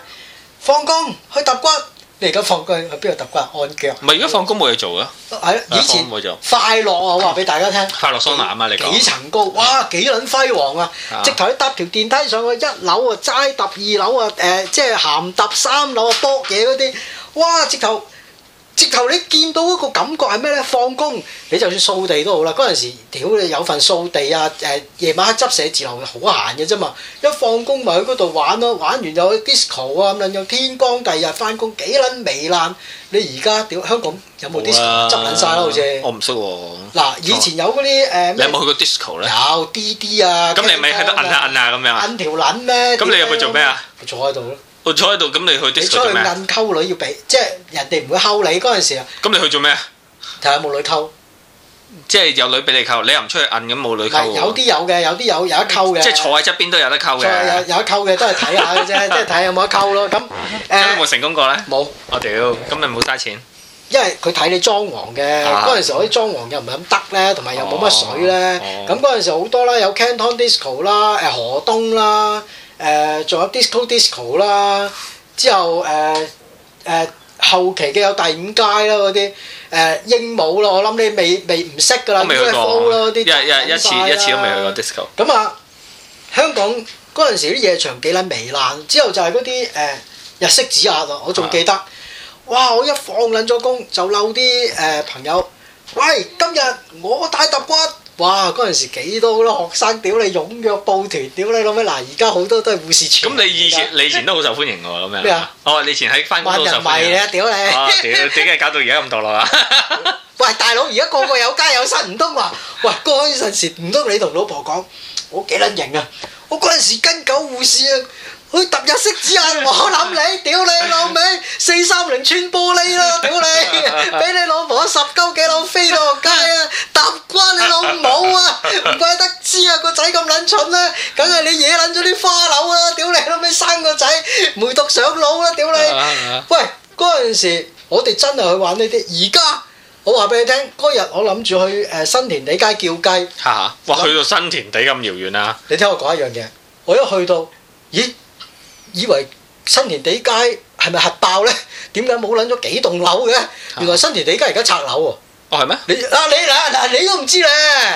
放工去揼骨。你而家放工去邊度揼骨按腳？唔係，而家放工冇嘢做，前做啊，係啊，以前冇做。快樂啊，我話俾大家聽，快樂桑拿啊，你講幾層高？哇，幾撚輝煌啊！啊直頭搭條電梯上去一樓啊，齋揼二樓啊，誒、呃，即係鹹揼三樓啊，搏嘢嗰啲，哇！直頭。直頭你見到嗰個感覺係咩咧？放工，你就算掃地都好啦。嗰陣時，屌你有份掃地啊！誒，夜晚去執寫字樓好閒嘅啫嘛。一放工咪去嗰度玩咯，玩完又去 disco 啊咁樣。天光第二日翻工，幾撚糜爛？你而家屌香港有冇 disco？執撚曬咯，好似我唔識喎。嗱，以前有嗰啲誒，你有冇去過 disco 咧？有 D D 啊！咁你咪喺度摁下摁啊咁樣。摁條撚咩？咁你入去做咩啊？我坐喺度咯。我坐喺度，咁你去的士做咩啊？你出去暗溝女要俾，即係人哋唔會溝你嗰陣時啊。咁你去做咩啊？睇下有冇女溝。即係有女俾你溝，你又唔出去暗，咁冇女溝喎。有啲有嘅，有啲有有得溝嘅。即係坐喺側邊都有得溝嘅。有有得溝嘅都係睇下嘅啫，即係睇下有冇得溝咯。咁誒有冇成功過咧？冇。我屌，咁咪冇嘥錢。因為佢睇你裝潢嘅，嗰陣時我啲裝潢又唔係咁得咧，同埋又冇乜水咧。咁嗰陣時好多啦，有 Canton Disco 啦，誒河東啦。誒仲、呃、有 disco disco 啦，之後誒誒、呃呃、後期嘅有第五街啦，嗰啲誒鸚鵡咯，我諗你未未唔識㗎啦，咩 show 咯啲一次都未去過 Disco 咁啊！香港嗰陣時啲夜場幾撚糜爛，之後就係嗰啲誒日式指壓啊。我仲記得，的哇！我一放撚咗工就嬲啲誒朋友，喂，今日我大揼骨。哇！嗰陣時幾多咯，多學生屌你，踴躍報團，屌你，老咩？嗱，而家好多都係護士。咁你以前，在你以前都好受歡迎嘅喎，咁樣麼。咩啊、哦？我話你以前喺翻工都受歡迎。啊！屌你。屌，點解搞到而家咁墮落啊？ 喂，大佬，而家個個有家有室，唔通話，喂，嗰陣時唔通你同老婆講，我幾撚型啊？我嗰陣時跟狗護士啊！佢突日識紙啊！我諗你，屌你老味，四三零穿玻璃啦！屌你，俾你老婆十鳩幾樓飛到落街啊！揼骨你老母啊！唔怪得知啊個仔咁撚蠢啦，梗係你惹撚咗啲花柳啊！屌你老尾，生個仔梅毒上腦啦！屌你！喂，嗰陣時我哋真係去玩呢啲，而家我話俾你聽，嗰日我諗住去誒新田地街叫雞，嚇哇！去到新田地咁遙遠啊！你聽我講一樣嘢，我一去到，咦？以為新田地街係咪核爆咧？點解冇撚咗幾棟樓嘅？原來新田地街而家拆樓喎！哦，係咩？你啊，你啊，你都唔知咧！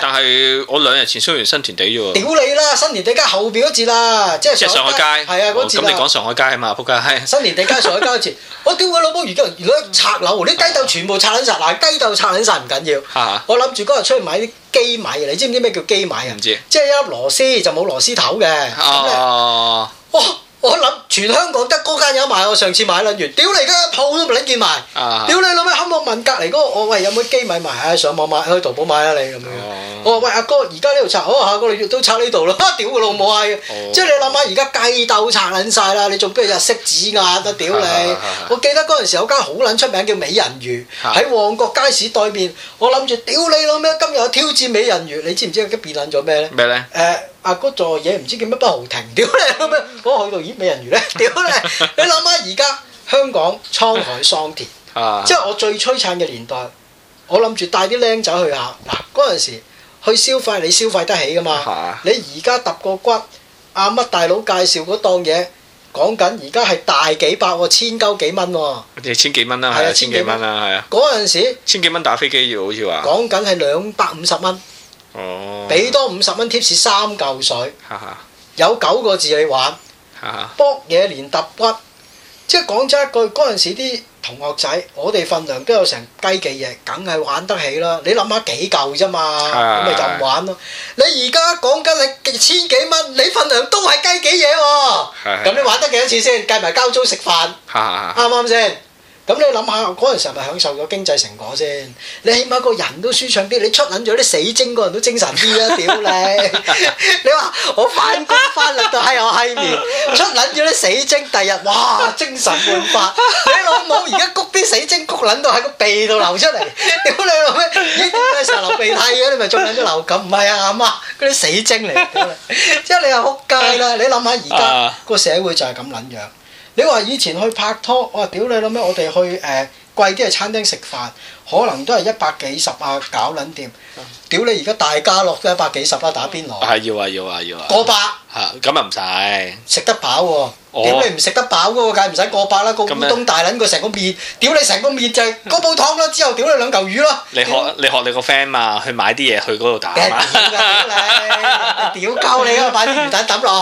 但係我兩日前收完新田地啫喎！屌你啦！新田地街後邊嗰節啦，即係上海街係啊嗰節啦！咁你講上海街啊嘛？撲街！新田地街上海街嗰節，我屌我老母！而家如果拆樓喎，啲雞竇全部拆撚曬。嗱，雞竇拆撚曬唔緊要，我諗住嗰日出去買啲機米啊！你知唔知咩叫機米啊？唔知即係一粒螺絲就冇螺絲頭嘅。哦，哇！我諗全香港得嗰間有賣，我上次買捻完，屌你而家鋪都唔撚見埋。屌、啊、你老味，我問隔籬嗰個，我喂有冇機買埋、啊，係上網買去淘寶買啦、啊、你咁樣，哦、我話喂阿哥而家呢度拆，我、哦、下個月都拆呢度咯，屌佢老母閪，哦、即係你諗下而家雞竇拆捻晒啦，你仲不如日式指壓啊，屌你！啊啊、我記得嗰陣時有間好捻出名叫美人魚，喺、啊、旺角街市對面，我諗住屌你老味，今日我挑戰美人魚，你知唔知而家變捻咗咩咧？咩咧？誒、呃！阿嗰座嘢唔知叫乜包豪庭，屌你咁樣，我去到，咦美人魚咧屌你！你諗下而家香港滄海桑田，即係我最璀璨嘅年代，我諗住帶啲僆仔去下嗱。嗰陣時去消費你消費得起噶嘛？你而家揼個骨，阿乜大佬介紹嗰檔嘢，講緊而家係大幾百喎，千九幾蚊喎。即係千幾蚊啦，係啊，千幾蚊啦，係啊。嗰陣時千幾蚊打飛機要好似話講緊係兩百五十蚊。俾多五十蚊 tips 三嚿水， 有九個字你玩，卜嘢 連揼骨，即係講真一句：嗰陣時啲同學仔，我哋份糧都有成雞幾嘢，梗係玩得起啦。你諗下幾嚿啫嘛，咁咪 就唔玩咯。你而家講緊你千幾蚊，你份糧都係雞幾嘢喎，咁 你玩得幾多次先？計埋交租食飯，啱唔啱先？咁你諗下嗰陣時係咪享受咗經濟成果先？你起碼個人都舒暢啲，你出撚咗啲死精個人都精神啲啊！屌你！ 你話我翻工翻力到閪我閪完，出撚咗啲死精，第二日哇精神煥發。你老母而家谷啲死精谷撚到喺個鼻度流出嚟，屌你老味！咦，點解成日流鼻涕嘅？你咪中兩啲流感？唔係啊阿媽，嗰啲死精嚟嘅啦，即係你又撲街啦！你諗下而家個社會就係咁撚樣。你話以前去拍拖，我話屌你老味，我哋去誒貴啲嘅餐廳食飯，可能都係一百幾十啊，搞撚掂。屌你而家大家樂都一百幾十啦，打邊爐。係要啊要啊要啊。要啊要啊過百。嚇、啊，咁又唔使。食得飽喎、啊。屌你唔食得飽嗰個梗係唔使過百啦，個烏冬大撚個成個面，屌你成個面就係個煲湯啦，之後屌你兩嚿魚咯。你學你學你個 friend 嘛，去買啲嘢去嗰度打。屌你，屌鳩你啊！買啲魚蛋揼落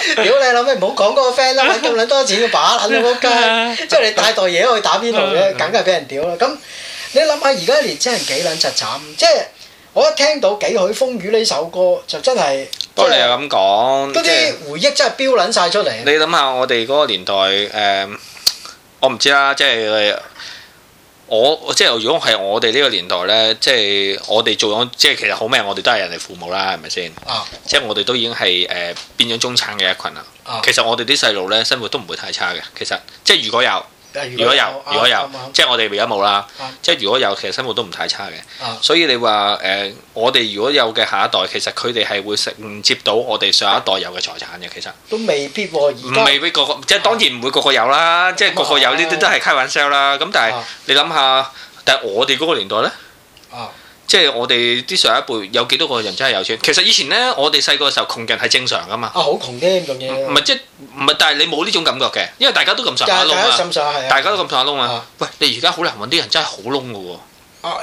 去，屌你，諗你唔好講嗰個 friend 啦，買咁撚多錢嘅把肯定撲街。即係你帶袋嘢去打邊爐嘅，梗係俾人屌啦。咁你諗下而家年青人幾撚慘，即係～我一聽到《幾許風雨》呢首歌，就真係，不過你又咁講，嗰啲是回憶真係飚撚晒出嚟。你諗下，我哋嗰個年代誒、呃，我唔知啦，即係我即係如果係我哋呢個年代咧，即係我哋做咗，即係其實好咩？我哋都係人哋父母啦，係咪先？啊、即係我哋都已經係誒、呃、變咗中產嘅一群啦。啊、其實我哋啲細路咧，生活都唔會太差嘅。其實即係如果有。如果有，如果有，啊、即係我哋而家冇啦。啊、即係如果有，其實生活都唔太差嘅。啊、所以你話誒、呃，我哋如果有嘅下一代，其實佢哋係會承接到我哋上一代有嘅財產嘅。其實都未必過。唔，未必個個，啊、即係當然唔會個個有啦。啊、即係個個有呢啲、啊、都係開玩笑啦。咁、啊、但係你諗下，但係我哋嗰個年代咧、啊。啊。即係我哋啲上一輩有幾多個人真係有錢？其實以前咧，我哋細個時候窮人係正常㗎嘛。啊，好窮啲咁樣。唔係即係唔係，但係你冇呢種感覺嘅，因為大家都咁上下窿啊。大家，大家都咁上下窿啊。啊喂，你而家好難搵啲人真係好窿㗎喎。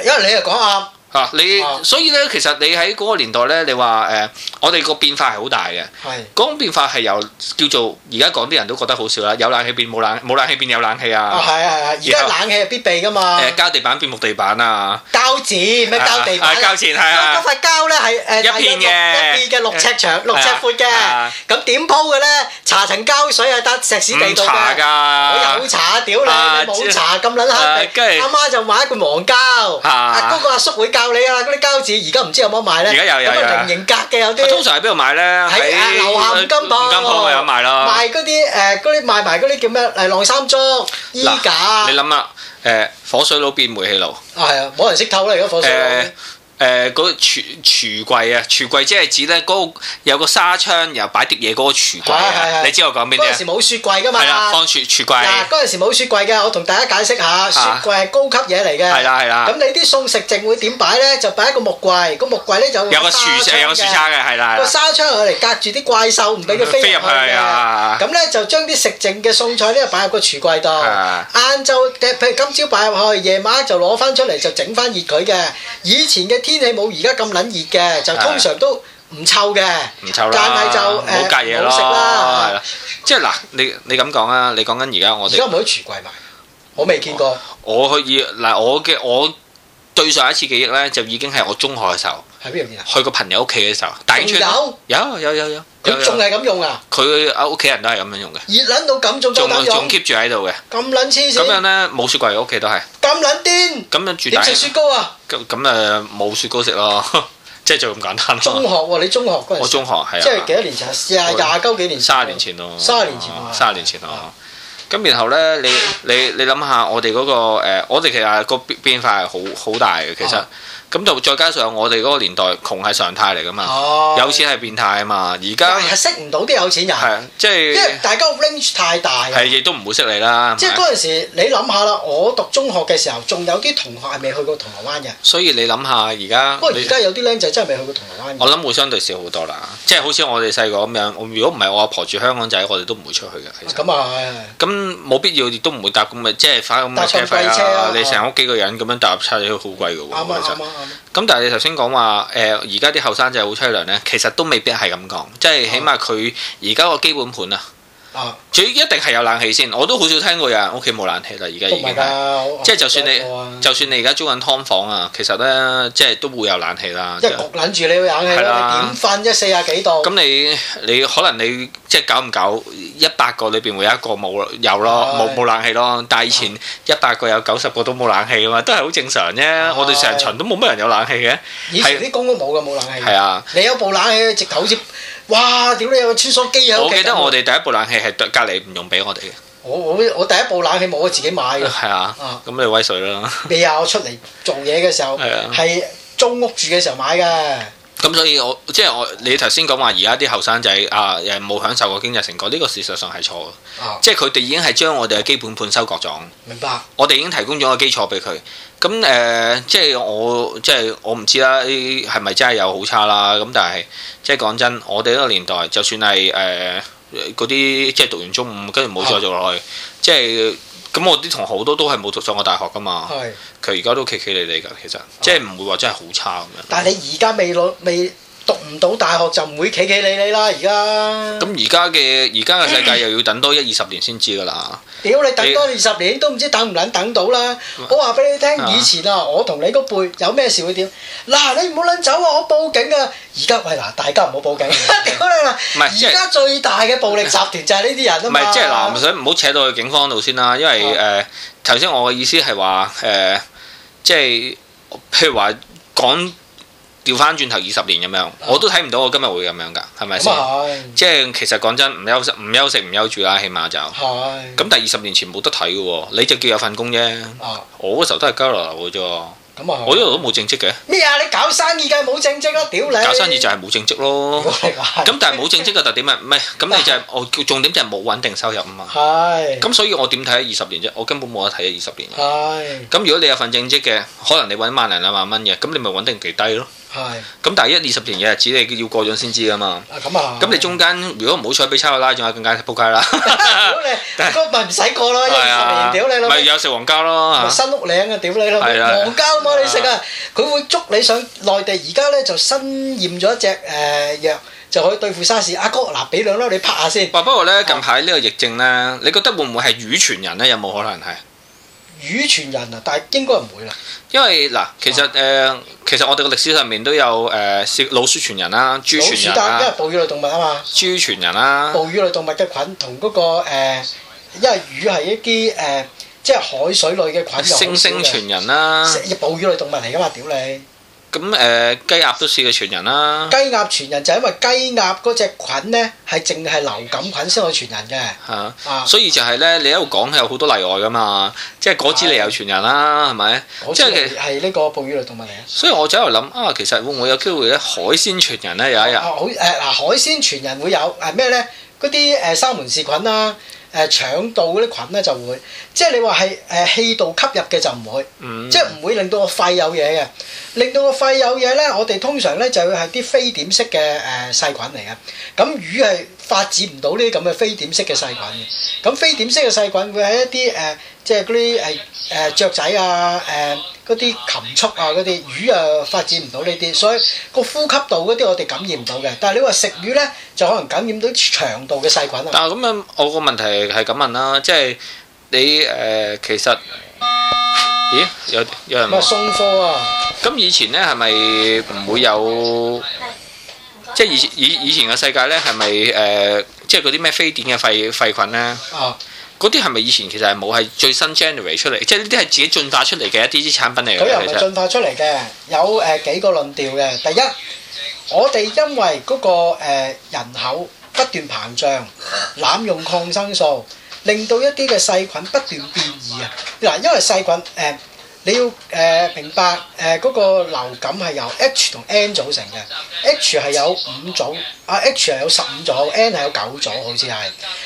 因為你又講啱。嗱你，所以咧，其實你喺嗰個年代咧，你話誒，我哋個變化係好大嘅。係，嗰種變化係由叫做而家講啲人都覺得好笑啦，有冷氣變冇冷，冇冷氣變有冷氣啊。哦，係係係。而家冷氣係必備噶嘛。誒，膠地板變木地板啊。膠紙咩膠地板？啊，膠紙係。嗰塊膠咧係誒一片嘅，一片嘅六尺長、六尺闊嘅。咁點鋪嘅咧？搽層膠水係得石屎地度嘅。唔搽㗎。我有搽，屌你，你冇搽，咁撚黑皮雞？阿媽就買一個黃膠。嚇嚇。阿嗰個阿叔會教。有你啊！嗰啲膠紙，而家唔知有冇得賣咧。而家又有啊！菱形格嘅有啲。通常喺邊度買咧？喺樓下五金鋪，五金鋪咪有賣咯。賣嗰啲誒，嗰啲賣埋嗰啲叫咩？誒晾衫竹衣架。你諗下，誒火水佬變煤氣佬。啊，係啊，冇人識透啦！而家火水佬。誒嗰廚廚櫃啊，廚櫃即係指咧嗰個有個紗窗，然後擺啲嘢嗰個廚櫃啊，你知我講邊啲啊？嗰陣時冇雪櫃噶嘛，放廚廚櫃嗱，嗰陣時冇雪櫃嘅，我同大家解釋下，雪櫃係高級嘢嚟嘅，係啦係啦。咁你啲餸食剩會點擺咧？就擺一個木櫃，個木櫃咧就有個紗窗，有個紗窗嘅係啦。個紗窗係嚟隔住啲怪獸，唔俾佢飛入去嘅。咁咧就將啲食剩嘅餸菜咧擺入個廚櫃度。晏晝嘅譬如今朝擺入去，夜晚就攞返出嚟就整返熱佢嘅。以前嘅。天氣冇而家咁撚熱嘅，就通常都唔臭嘅，唔臭啦，但係就誒唔好隔嘢咯，即係嗱，你你咁講啊，你講緊而家我哋而家唔可以廚櫃埋，我未見過。我可以嗱，我嘅我對上一次記憶咧，就已經係我中學嘅時候。去個朋友屋企嘅時候，大串有有有有有，佢仲係咁用㗎！佢屋企人都係咁樣用嘅。熱捻到咁仲仲用，仲 keep 住喺度嘅。咁捻黐線！咁樣咧，冇雪櫃嘅屋企都係。咁捻癲！咁樣住大。點食雪糕啊？咁咁誒，冇雪糕食咯，即係就咁簡單。中學喎，你中學嗰陣，我中學係啊，即係幾多年前？四啊廿九幾年？卅年前咯。卅年前啊！卅年前啊！咁然後咧，你你你諗下，我哋嗰個誒，我哋其實個變變化係好好大嘅，其實。咁就再加上我哋嗰個年代窮係常態嚟噶嘛，有錢係變態啊嘛。而家係識唔到啲有錢人，係即係因為大家 range 太大。係亦都唔會識你啦。即係嗰陣時，你諗下啦，我讀中學嘅時候仲有啲同學係未去過銅鑼灣嘅。所以你諗下而家，不過而家有啲僆仔真係未去過銅鑼灣。我諗會相對少好多啦。即係好似我哋細個咁樣，如果唔係我阿婆住香港仔，我哋都唔會出去嘅。咁啊，咁冇必要亦都唔會搭咁嘅，即係花咁嘅車費啊！你成屋幾個人咁樣搭車都好貴嘅喎。啱啊！啱啊！咁、嗯、但係你頭先講話誒，而家啲後生仔好淒涼咧，其實都未必係咁講，嗯、即係起碼佢而家個基本盤啊。啊！最一定係有冷氣先，我都好少聽過有人屋企冇冷氣啦。而家已經係，即係就算你就算你而家租緊劏房啊，其實咧即係都會有冷氣啦。即係焗緊住你要冷氣，你點瞓啫？四啊幾度？咁你你可能你即係久唔久一百個裏邊會有一個冇有咯冇冇冷氣咯。但係以前一百個有九十個都冇冷氣啊嘛，都係好正常啫。我哋成層都冇乜人有冷氣嘅。以前啲公屋都冇噶，冇冷氣。係啊，你有部冷氣直頭好哇！屌你有個穿梭機啊！我記得我哋第一部冷氣係隔離唔用俾我哋嘅。我我我第一部冷氣冇我自己買嘅。係啊、嗯，咁你威水啦。 你啊，我出嚟做嘢嘅時候係租的屋住嘅時候買嘅。咁所以我即係我你頭先講話而家啲後生仔啊，又冇享受過經濟成果，呢個事實上係錯嘅，啊、即係佢哋已經係將我哋嘅基本盤收割咗。明白。我哋已經提供咗個基礎俾佢。咁，誒、呃，即係我即係我唔知啦，係咪真係有好差啦？咁但係即係講真，我哋呢個年代，就算係誒嗰啲即係讀完中五，跟住冇再做落去，啊、即係。咁我啲同學好多都係冇讀上過大學噶嘛，佢而家都企企理理噶，其實乖乖乖即係唔會話真係好差咁樣。哦、但係你而家未攞未？讀唔到大學就唔會企企理你啦！而家咁而家嘅而家嘅世界又要等多一二十年先知㗎啦！屌你等多二十年你都唔知等唔撚等到啦！我話俾你聽，以前啊，啊我同你嗰輩有咩事會點？嗱、啊，你唔好撚走啊！我報警啊！而家喂嗱，大家唔好報警！屌你啊！唔係而家最大嘅暴力集團就係呢啲人啊嘛！唔係即係嗱，唔想唔好扯到去警方度先啦，因為誒頭先我嘅意思係話誒，即係譬如話講。調翻轉頭二十年咁樣，我都睇唔到我今日會咁樣㗎，係咪先？即係其實講真，唔休息唔休息唔休住啦，起碼就咁。咁但係二十年前冇得睇嘅喎，你就叫有份工啫。我嗰時候都係交流流嘅啫，我呢度都冇正職嘅。咩啊？你搞生意嘅冇正職咯，屌你！搞生意就係冇正職咯。咁但係冇正職嘅特點係唔係？咁你就係哦，重點就係冇穩定收入啊嘛。咁所以我點睇二十年啫？我根本冇得睇二十年。咁如果你有份正職嘅，可能你揾萬零兩萬蚊嘅，咁你咪穩定幾低咯。係，咁但係一二十條嘢，只你要過咗先知㗎嘛？啊咁啊！咁你中間如果唔好彩俾差佬拉咗，更加仆街啦！阿哥咪唔使過咯，二十條屌你咯！咪有食黃膠咯？新屋嶺啊，屌你咯！黃膠嘛你食啊！佢會捉你上內地。而家咧就新驗咗一隻誒藥，就可以對付沙士。阿哥嗱，俾兩粒你拍下先。啊，不過咧近排呢個疫症咧，你覺得會唔會係人傳人咧？有冇可能係？魚傳人啊，但係應該唔會啦，因為嗱，其實誒，呃啊、其實我哋嘅歷史上面都有誒，鼠、呃、老鼠傳人啦，豬傳人但因為哺乳類動物啊嘛。豬傳人啦、啊。哺乳類動物嘅菌同嗰、嗰個、呃、因為魚係一啲誒、呃，即係海水類嘅菌就。猩猩傳人啦、啊。哺乳類動物嚟㗎嘛，屌你！咁誒、嗯、雞鴨都試過傳人啦、啊，雞鴨傳人就係因為雞鴨嗰隻菌咧係淨係流感菌先可以傳人嘅、啊，係、嗯、所以就係咧你喺度講有好多例外噶嘛，即係果子狸有傳人啦，係咪？即係係呢個哺乳類動物嚟嘅。所以我走嚟諗啊，其實會唔會有機會咧？海鮮傳人咧有一日，好誒嗱，海鮮傳人會有係咩咧？嗰啲誒沙門氏菌啦、啊，誒腸道嗰啲菌咧就會。即係你話係誒氣道吸入嘅就唔會，即係唔會令到個肺有嘢嘅，令到個肺有嘢咧，我哋通常咧就會係啲非點式嘅誒細菌嚟嘅。咁魚係發展唔到呢啲咁嘅非點式嘅細菌嘅。咁非點式嘅細菌會喺一啲誒，即係嗰啲誒誒雀仔啊、誒嗰啲禽畜啊嗰啲，魚啊發展唔到呢啲，所以個呼吸道嗰啲我哋感染唔到嘅。但係你話食魚咧，就可能感染到腸道嘅細菌啊。但係咁樣，我個問題係咁問啦，即係。你誒、呃、其實，咦？有有人送貨啊！咁以前咧，係咪唔會有？即係以以以前嘅世界咧，係咪誒？即係嗰啲咩非典嘅肺肺菌咧？嗰啲係咪以前其實係冇，係最新 generate 出嚟？即係呢啲係自己進化出嚟嘅一啲啲產品嚟㗎？佢又進化出嚟嘅，有誒、呃、幾個論調嘅。第一，我哋因為嗰個人口不斷膨脹，濫用抗生素。 令到一啲嘅細菌不斷變異啊！嗱，因為細菌誒、呃，你要誒、呃、明白誒嗰、呃那個流感係由 H 同 N 組成嘅，H 係有五組，啊 H 係有十五組，N 係有九組，組好似係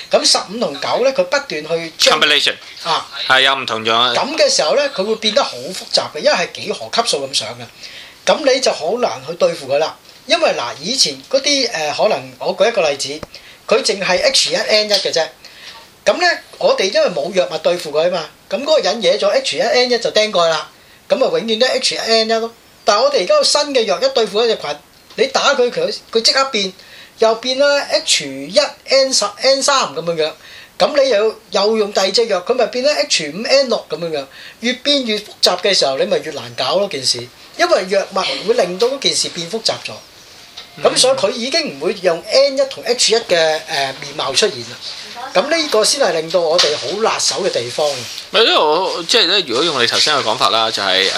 咁十五同九咧，佢不斷去 combination 啊，係有唔同種咁嘅時候咧，佢會變得好複雜嘅，因為係幾何級數咁上嘅，咁你就好難去對付佢啦。因為嗱、呃，以前嗰啲誒可能我舉一個例子，佢淨係 H 一 N 一嘅啫。咁咧，我哋因為冇藥物對付佢啊嘛，咁嗰個人惹咗 H 一 N 一就釘蓋啦，咁啊永遠都 H 一 N 一咯。但係我哋而家有新嘅藥一對付一隻菌，你打佢佢佢即刻變又變啦 H 一 N 十 N 三咁樣樣，咁你又又用第二隻藥，佢咪變咗 H 五 N 六咁樣樣，越變越複雜嘅時候，你咪越難搞咯件事，因為藥物會令到嗰件事變複雜咗，咁所以佢已經唔會用 N 一同 H 一嘅誒面貌出現啦。咁呢個先係令到我哋好辣手嘅地方嘅。唔係我即係咧，如果用你頭先嘅講法啦，就係誒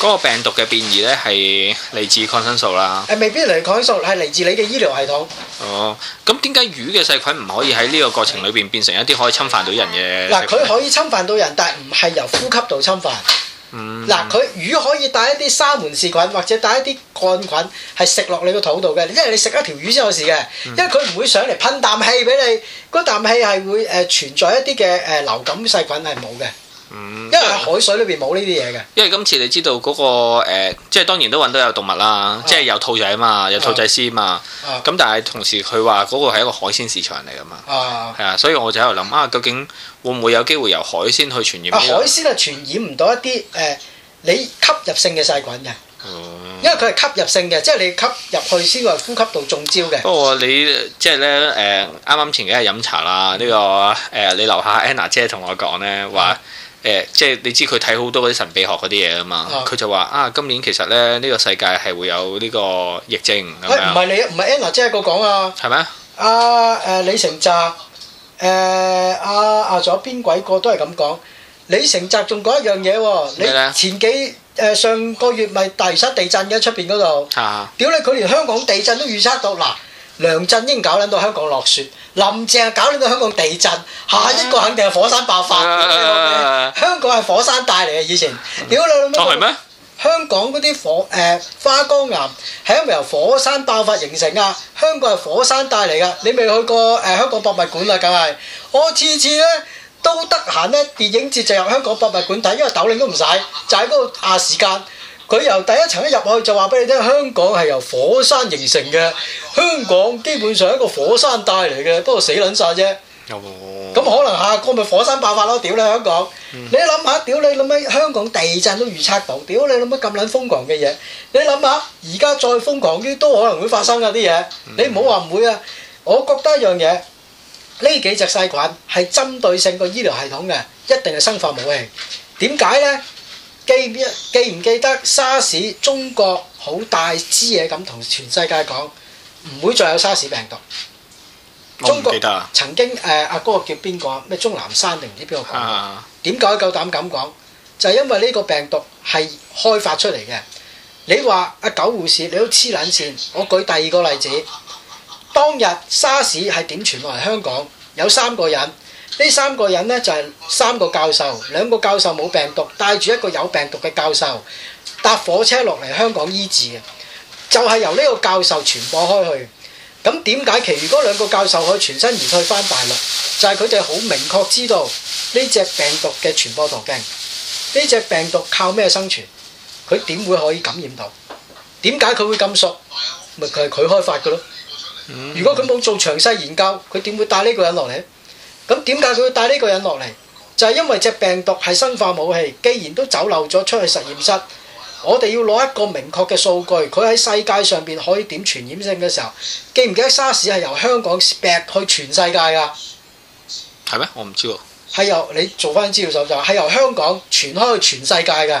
嗰個病毒嘅變異咧，係嚟自抗生素啦。誒，未必嚟抗生素，係嚟自你嘅醫療系統。哦，咁點解魚嘅細菌唔可以喺呢個過程裏邊變成一啲可以侵犯到人嘅？嗱，佢可以侵犯到人，但係唔係由呼吸道侵犯。嗱，佢、嗯嗯、魚可以帶一啲沙門氏菌或者帶一啲桿菌，係食落你個肚度嘅。因為你食一條魚先有事嘅，嗯、因為佢唔會上嚟噴啖氣畀你。嗰啖氣係會誒、呃、存在一啲嘅誒流感細菌係冇嘅。因為海水裏邊冇呢啲嘢嘅。因為今次你知道嗰、嗰個、呃、即係當然都揾到有動物啦，即係有兔仔嘛，有兔仔屍嘛。咁、啊、但係同時佢話嗰個係一個海鮮市場嚟噶嘛。係啊，所以我就喺度諗啊，究竟會唔會有機會由海鮮去傳染、啊？海鮮啊，傳染唔到一啲誒、呃，你吸入性嘅細菌嘅。因為佢係吸入性嘅，即係你吸入去先話呼吸道中招嘅。嗯、不過你即係咧誒，啱、呃、啱前幾日飲茶啦，呢、呢個誒、呃，你留下 Anna 姐同我講咧話。誒，即係你知佢睇好多嗰啲神秘學嗰啲嘢啊嘛，佢就話啊，今年其實咧呢個世界係會有呢個疫症。誒，唔係你，唔係 Anna，即係個講啊。係咪？阿誒李成澤，誒阿阿仲有邊鬼個都係咁講。李成澤仲講一樣嘢喎。咩咧？前幾誒上個月咪大嶼山地震嘅出邊嗰度？嚇！屌你，佢連香港地震都預測到嗱。梁振英搞捻到香港落雪，林鄭搞捻到香港地震，下一個肯定係火山爆發。香港係火山帶嚟嘅，以前屌、嗯、你老母！哦、香港嗰啲火誒、呃、花崗岩係因為由火山爆發形成啊！香港係火山帶嚟噶，你未去過誒、呃、香港博物館啊？梗係我次次咧都得閒咧，電影節就入香港博物館睇，因為斗零都唔使，就喺嗰度壓時間。旅遊第一層一入去就話俾你聽，香港係由火山形成嘅，香港基本上一個火山帶嚟嘅，不過死撚曬啫。咁可能下個咪火山爆發咯，屌你香港！你諗下，屌你諗乜？香港地震都預測到，屌你諗乜咁撚瘋狂嘅嘢？你諗下，而家再瘋狂啲都可能會發生啊啲嘢。你唔好話唔會啊！我覺得一樣嘢，呢幾隻細菌係針對性個醫療系統嘅，一定係生化武器。點解呢？記唔記得沙士？中國好大支嘢咁同全世界講，唔會再有沙士病毒。中國曾經誒阿、呃、哥、哥叫邊個咩鍾南山定唔知邊個講？點解夠膽咁講？就係、是、因為呢個病毒係開發出嚟嘅。你話阿、啊、狗護士你都黐撚線。我舉第二個例子，當日沙士 r s 係點傳落嚟香港？有三個人。呢三個人咧就係、是、三個教授，兩個教授冇病毒，帶住一個有病毒嘅教授搭火車落嚟香港醫治嘅，就係、是、由呢個教授傳播開去。咁點解其餘兩個教授可以全身而退翻大陸？就係佢哋好明確知道呢隻、這個、病毒嘅傳播途徑，呢、這、隻、個、病毒靠咩生存？佢點會可以感染到？點解佢會咁熟？咪佢係佢開發嘅咯。嗯、如果佢冇做詳細研究，佢點會帶呢個人落嚟？咁點解佢會帶呢個人落嚟？就係、是、因為隻病毒係生化武器，既然都走漏咗出去實驗室，我哋要攞一個明確嘅數據，佢喺世界上邊可以點傳染性嘅時候？記唔記得 SARS 係由香港 spread 去全世界㗎？係咩？我唔知喎。係由你做返資料手，就係由香港傳開去全世界㗎。嗰陣、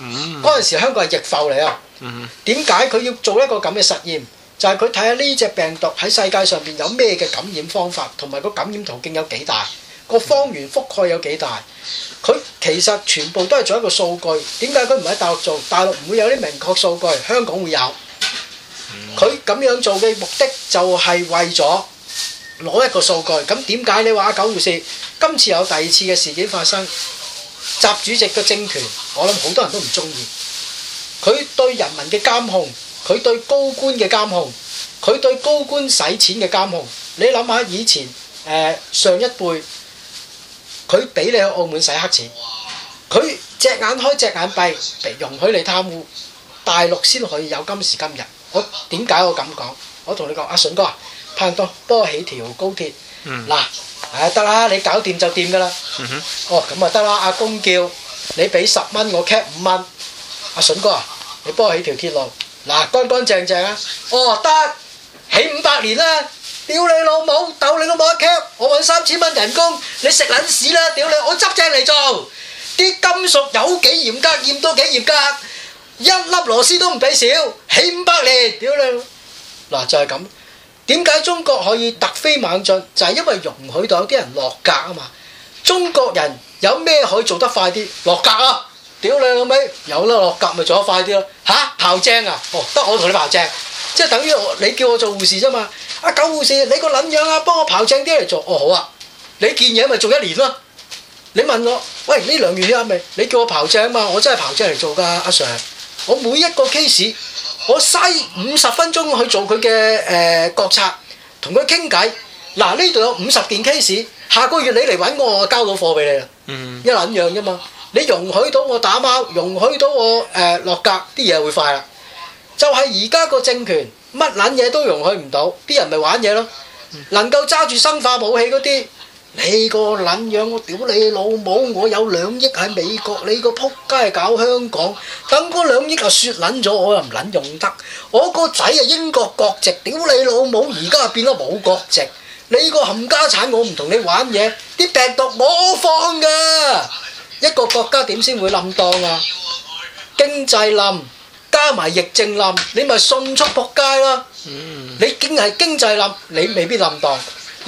嗯嗯、時香港係疫埠嚟啊。點解佢要做一個咁嘅實驗？就係佢睇下呢隻病毒喺世界上邊有咩嘅感染方法，同埋個感染途徑有幾大，個方圓覆蓋有幾大。佢其實全部都係做一個數據。點解佢唔喺大陸做？大陸唔會有啲明確數據，香港會有。佢咁樣做嘅目的就係為咗攞一個數據。咁點解你話阿九護士今次有第二次嘅事件發生？習主席嘅政權，我諗好多人都唔中意。佢對人民嘅監控。佢對高官嘅監控，佢對高官使錢嘅監控，你諗下以前誒，上一輩，佢俾你喺澳門使黑錢，佢隻眼開隻眼閉，容許你貪污，大陸先可以有今時今日。我點解我咁講？我同你講，阿筍哥，潘東幫我起條高鐵，嗱，誒，得啦，你搞掂就掂噶啦。哦，咁啊得啦，阿公叫你俾十蚊，我 cap 五蚊。阿筍哥啊，你幫我起條鐵路。嗱，乾乾淨淨啊！哦，得起五百年啦！屌你老母，斗你都冇得 cap，我搵三千蚊人工，你食撚屎啦！屌你，我執正嚟做。啲金屬有幾嚴格，驗到幾嚴格，一粒螺絲都唔畀少，起五百年，屌你！嗱，就係咁。點解中國可以突飛猛進？就係因為容許到有啲人落格啊嘛！中國人有咩可以做得快啲？落格啊！屌你老味，有啦，落夾咪做得快啲咯吓。刨正啊，哦，得我同你刨正，即係等於你叫我做護士啫嘛。阿狗護士，你個捻樣啊？幫我刨正啲嚟，做，哦好啊，你件嘢咪做一年咯。你問我，喂，呢兩月啱未？你叫我刨正啊嘛，我真係刨正嚟做噶阿 Sir。我每一個 case，我嘥五十分鐘去做佢嘅誒國策，同佢傾偈。嗱呢度有五十件 case，下個月你嚟揾我，我交到貨俾你啦。嗯，一捻樣啫嘛。你容許到我打貓，容許到我誒、呃、落格啲嘢會快啦。就係而家個政權乜撚嘢都容許唔到，啲人咪玩嘢咯。能夠揸住生化武器嗰啲，你個撚樣我屌你老母！我有兩億喺美國，你個仆街搞香港，等嗰兩億又雪撚咗，我又唔撚用得。我個仔啊英國國籍，屌你老母！而家變咗冇國籍，你個冚家產我唔同你玩嘢，啲病毒冇放㗎。一個國家點先會冧檔啊？經濟冧，加埋疫症冧，你咪迅速撲街囉！你竟然係經濟冧，你未必冧檔。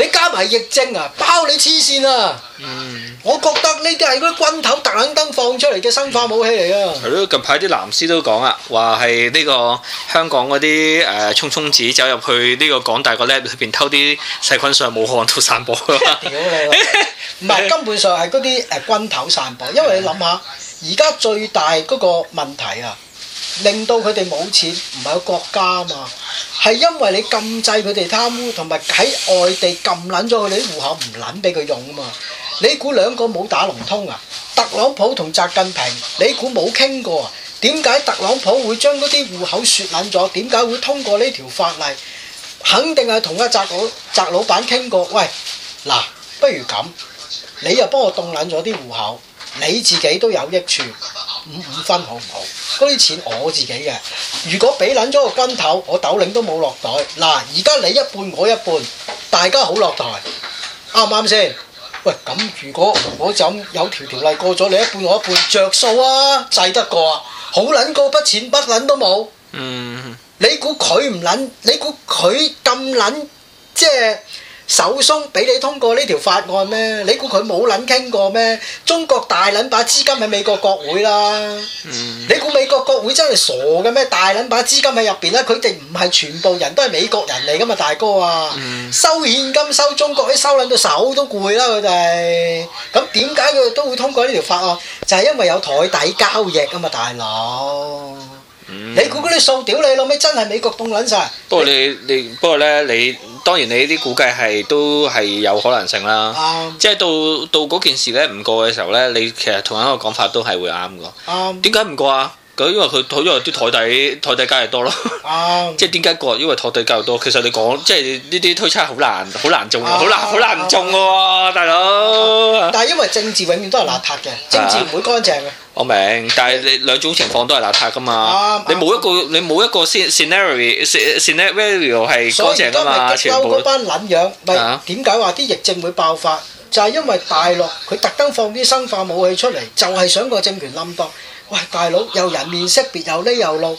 你加埋疫症啊，包你黐線啊！嗯、我覺得呢啲係嗰啲軍頭特登放出嚟嘅生化武器嚟啊！係咯，近排啲藍絲都講啊，話係呢個香港嗰啲誒沖沖子走入去呢個港大個 lab 裏邊偷啲細菌上武漢都散播咯！唔係 根本上係嗰啲誒軍頭散播，因為你諗下，而家最大嗰個問題啊！令到佢哋冇錢，唔係個國家啊嘛，係因為你禁制佢哋貪污，同埋喺外地禁撚咗佢哋啲戶口唔撚俾佢用啊嘛。你估兩個冇打龍通啊？特朗普同習近平，你估冇傾過啊？點解特朗普會將嗰啲戶口雪撚咗？點解會通過呢條法例？肯定係同一習老習老闆傾過。喂，嗱，不如咁，你又幫我凍撚咗啲戶口，你自己都有益處。五五分好唔好？嗰啲錢我自己嘅。如果俾撚咗個軍頭，我斗零都冇落袋。嗱，而家你一半，我一半，大家好落袋。啱唔啱先？喂，咁如果我就有條條例過咗，你一半我一半，着 數啊，制得過。好撚過筆錢， 不撚都冇。嗯。你估佢唔撚？你估佢咁撚？即係。手鬆俾你通過呢條法案咩？你估佢冇捻傾過咩？中國大捻把資金喺美國國會啦。嗯、你估美國國會真係傻嘅咩？大捻把資金喺入邊啦，佢哋唔係全部人都係美國人嚟噶嘛，大哥啊！嗯、收現金、收中國、你收捻到手都攰啦，佢哋。咁點解佢都會通過呢條法案？就係、是、因為有台底交易噶嘛，大佬。嗯、你估嗰啲數屌你老味，真係美國動捻晒、嗯！不過你你不過咧你。當然你的，你呢啲估計係都係有可能性啦。Um, 即係到到嗰件事咧唔過嘅時候咧，你其實同一個講法都係會啱㗎。點解唔過啊？因為佢，因為啲台底台底交易多咯，即係點解講？因為台底交易多。其實你講即係呢啲推測好難，好難中好難好難中嘅喎，大佬。但係因為政治永遠都係邋遢嘅，政治唔會乾淨嘅。我明，但係你兩種情況都係邋遢噶嘛。你冇一個你冇一個 scenario scenario 係乾淨噶嘛？全部。嗰班撚樣咪？點解話啲疫症會爆發？就係因為大陸佢特登放啲生化武器出嚟，就係想個政權冧多。喂，大佬，又人面識別又呢又露，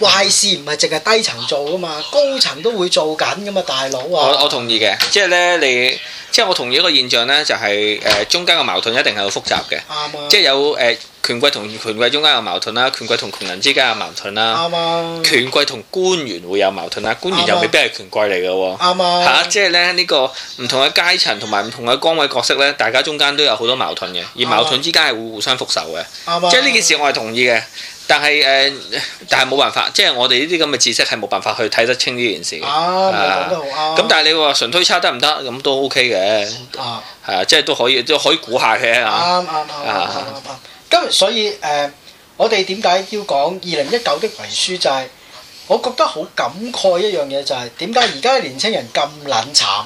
壞事唔係淨係低層做㗎嘛，高層都會做緊㗎嘛，大佬啊！我我同意嘅，即係咧你，即係我同意一個現象咧，就係、是、誒、呃、中間嘅矛盾一定係好複雜嘅，啊、即係有誒。呃權貴同權貴中間有矛盾啦，權貴同窮人之間有矛盾啦，Yeah. 權貴同官員會有矛盾啦，官員又未必係權貴嚟嘅喎，嚇 Yeah.、啊，即係咧呢、呢個唔同嘅階層同埋唔同嘅崗位角色咧，大家中間都有好多矛盾嘅，而矛盾之間係會互相復仇嘅，Yeah. 啊啊、即係呢件事我係同意嘅，但係誒、呃，但係冇辦法，即係我哋呢啲咁嘅知識係冇辦法去睇得清呢件事嘅，咁但係你話純推測得唔得？咁都 OK 嘅，係 Yeah. Yeah. 啊，即係都可以，都可以估下嘅，啱啱啱。Yeah. yeah. 咁所以誒、呃，我哋點解要講二零一九的遺書？就係我覺得好感慨一樣嘢，嗯、就係點解而家年青人咁撚慘。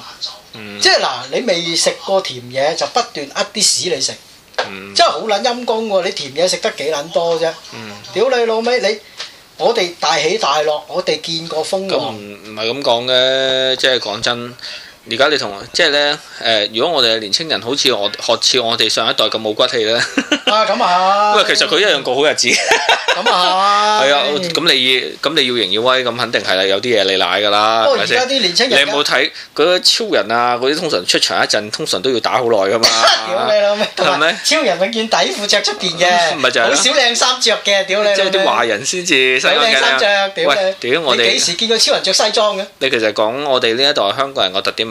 即係嗱，你未食過甜嘢，就不斷呃啲屎你食。真係好撚陰功喎！你甜嘢食得幾撚多啫？屌你老味你！我哋大起大落，我哋見過風咁。唔唔係咁講嘅，即係講真。Pent count viamente 而家你同即係咧誒？如果我哋嘅年青人好似我學似我哋上一代咁冇骨氣咧啊咁啊！喂 其實佢一樣過好日子咁啊 哎！係啊，咁你咁你要型要威，咁肯定係啦，有啲嘢你奶㗎啦，啲年輕人，你有冇睇嗰啲超人啊？嗰啲通常出場一陣，通常都要打好耐㗎嘛！屌你係咪？嗎超人永遠底褲着出邊嘅，唔係、嗯、就好少靚衫着嘅，屌、呃、即係啲壞人先至有靚衫著，屌你！我哋！你幾時見過超人着西裝㗎？呃呃、你其實講我哋呢一代香港人個特點。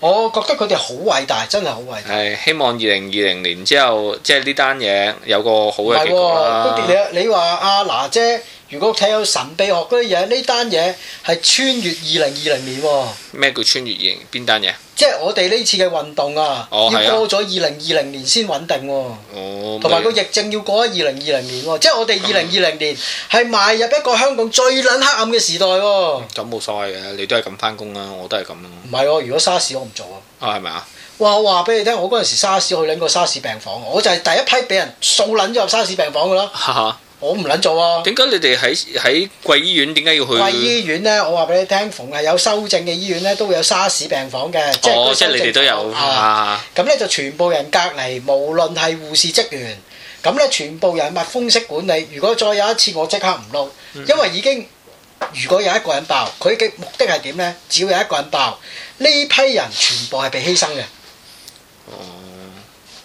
我覺得佢哋好偉大，真係好偉大。係，希望二零二零年之後，即係呢單嘢有個好嘅結果啦。你你話阿娜姐？如果睇到神秘學嗰啲嘢，呢單嘢係穿越二零二零年喎、哦。咩叫穿越型？邊單嘢？即係我哋呢次嘅運動啊，哦、要過咗二零二零年先穩定喎。哦，同埋個疫症要過咗二零二零年喎、哦。即係我哋二零二零年係邁、嗯、入一個香港最撚黑暗嘅時代喎、哦。咁冇、嗯、所謂嘅，你都係咁翻工啊，我都係咁。唔係，如果沙士我唔做啊。啊，係咪啊？哇，我話俾你聽，我嗰陣時沙士去撚過沙士病房，我就係第一批俾人掃撚咗入沙士病房嘅咯。哈哈。我唔捻做啊。點解你哋喺喺貴醫院？點解要去貴醫院咧？我話俾你聽，逢係有修正嘅醫院咧，都會有沙士病房嘅。哦，即係你哋都有咁咧、啊、就全部人隔離，無論係護士職員，咁咧全部人密封式管理。如果再有一次，我即刻唔撈，嗯、因為已經如果有一個人爆，佢嘅目的係點咧？只要有一個人爆，呢批人全部係被犧牲嘅。哦、嗯，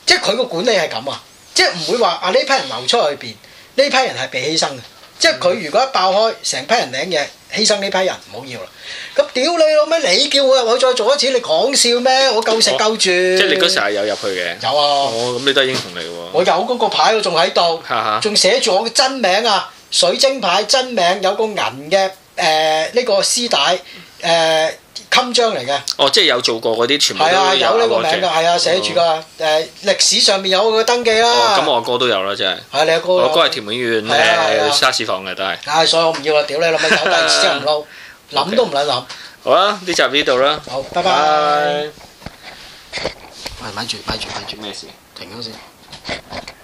即係佢個管理係咁啊！即係唔會話啊呢批人流出去邊？呢批人係被犧牲嘅，嗯、即係佢如果一爆開，成批人領嘢犧牲，呢批人唔好要啦。咁屌你老味，你叫我入去再做一次，你講笑咩？我夠食夠住。哦、即係你嗰時係有入去嘅。有啊。哦，咁你都係英雄嚟嘅喎。我有嗰個牌，我仲喺度。仲寫住我嘅真名啊！水晶牌真名有個銀嘅，誒呢個絲帶。誒襟章嚟嘅，哦，即係有做過嗰啲全部啊，有呢個名㗎，係啊寫住㗎，誒歷史上面有佢個登記啦。咁我哥都有啦，真係。係你哥，我哥係甜美院，誒沙士房嘅都係。係所以我唔要啦，屌你老味，走低次真唔撈，諗都唔撚諗。好啦，呢集呢度啦。好，拜拜。喂，咪住咪住咪住，咩事？停咗先。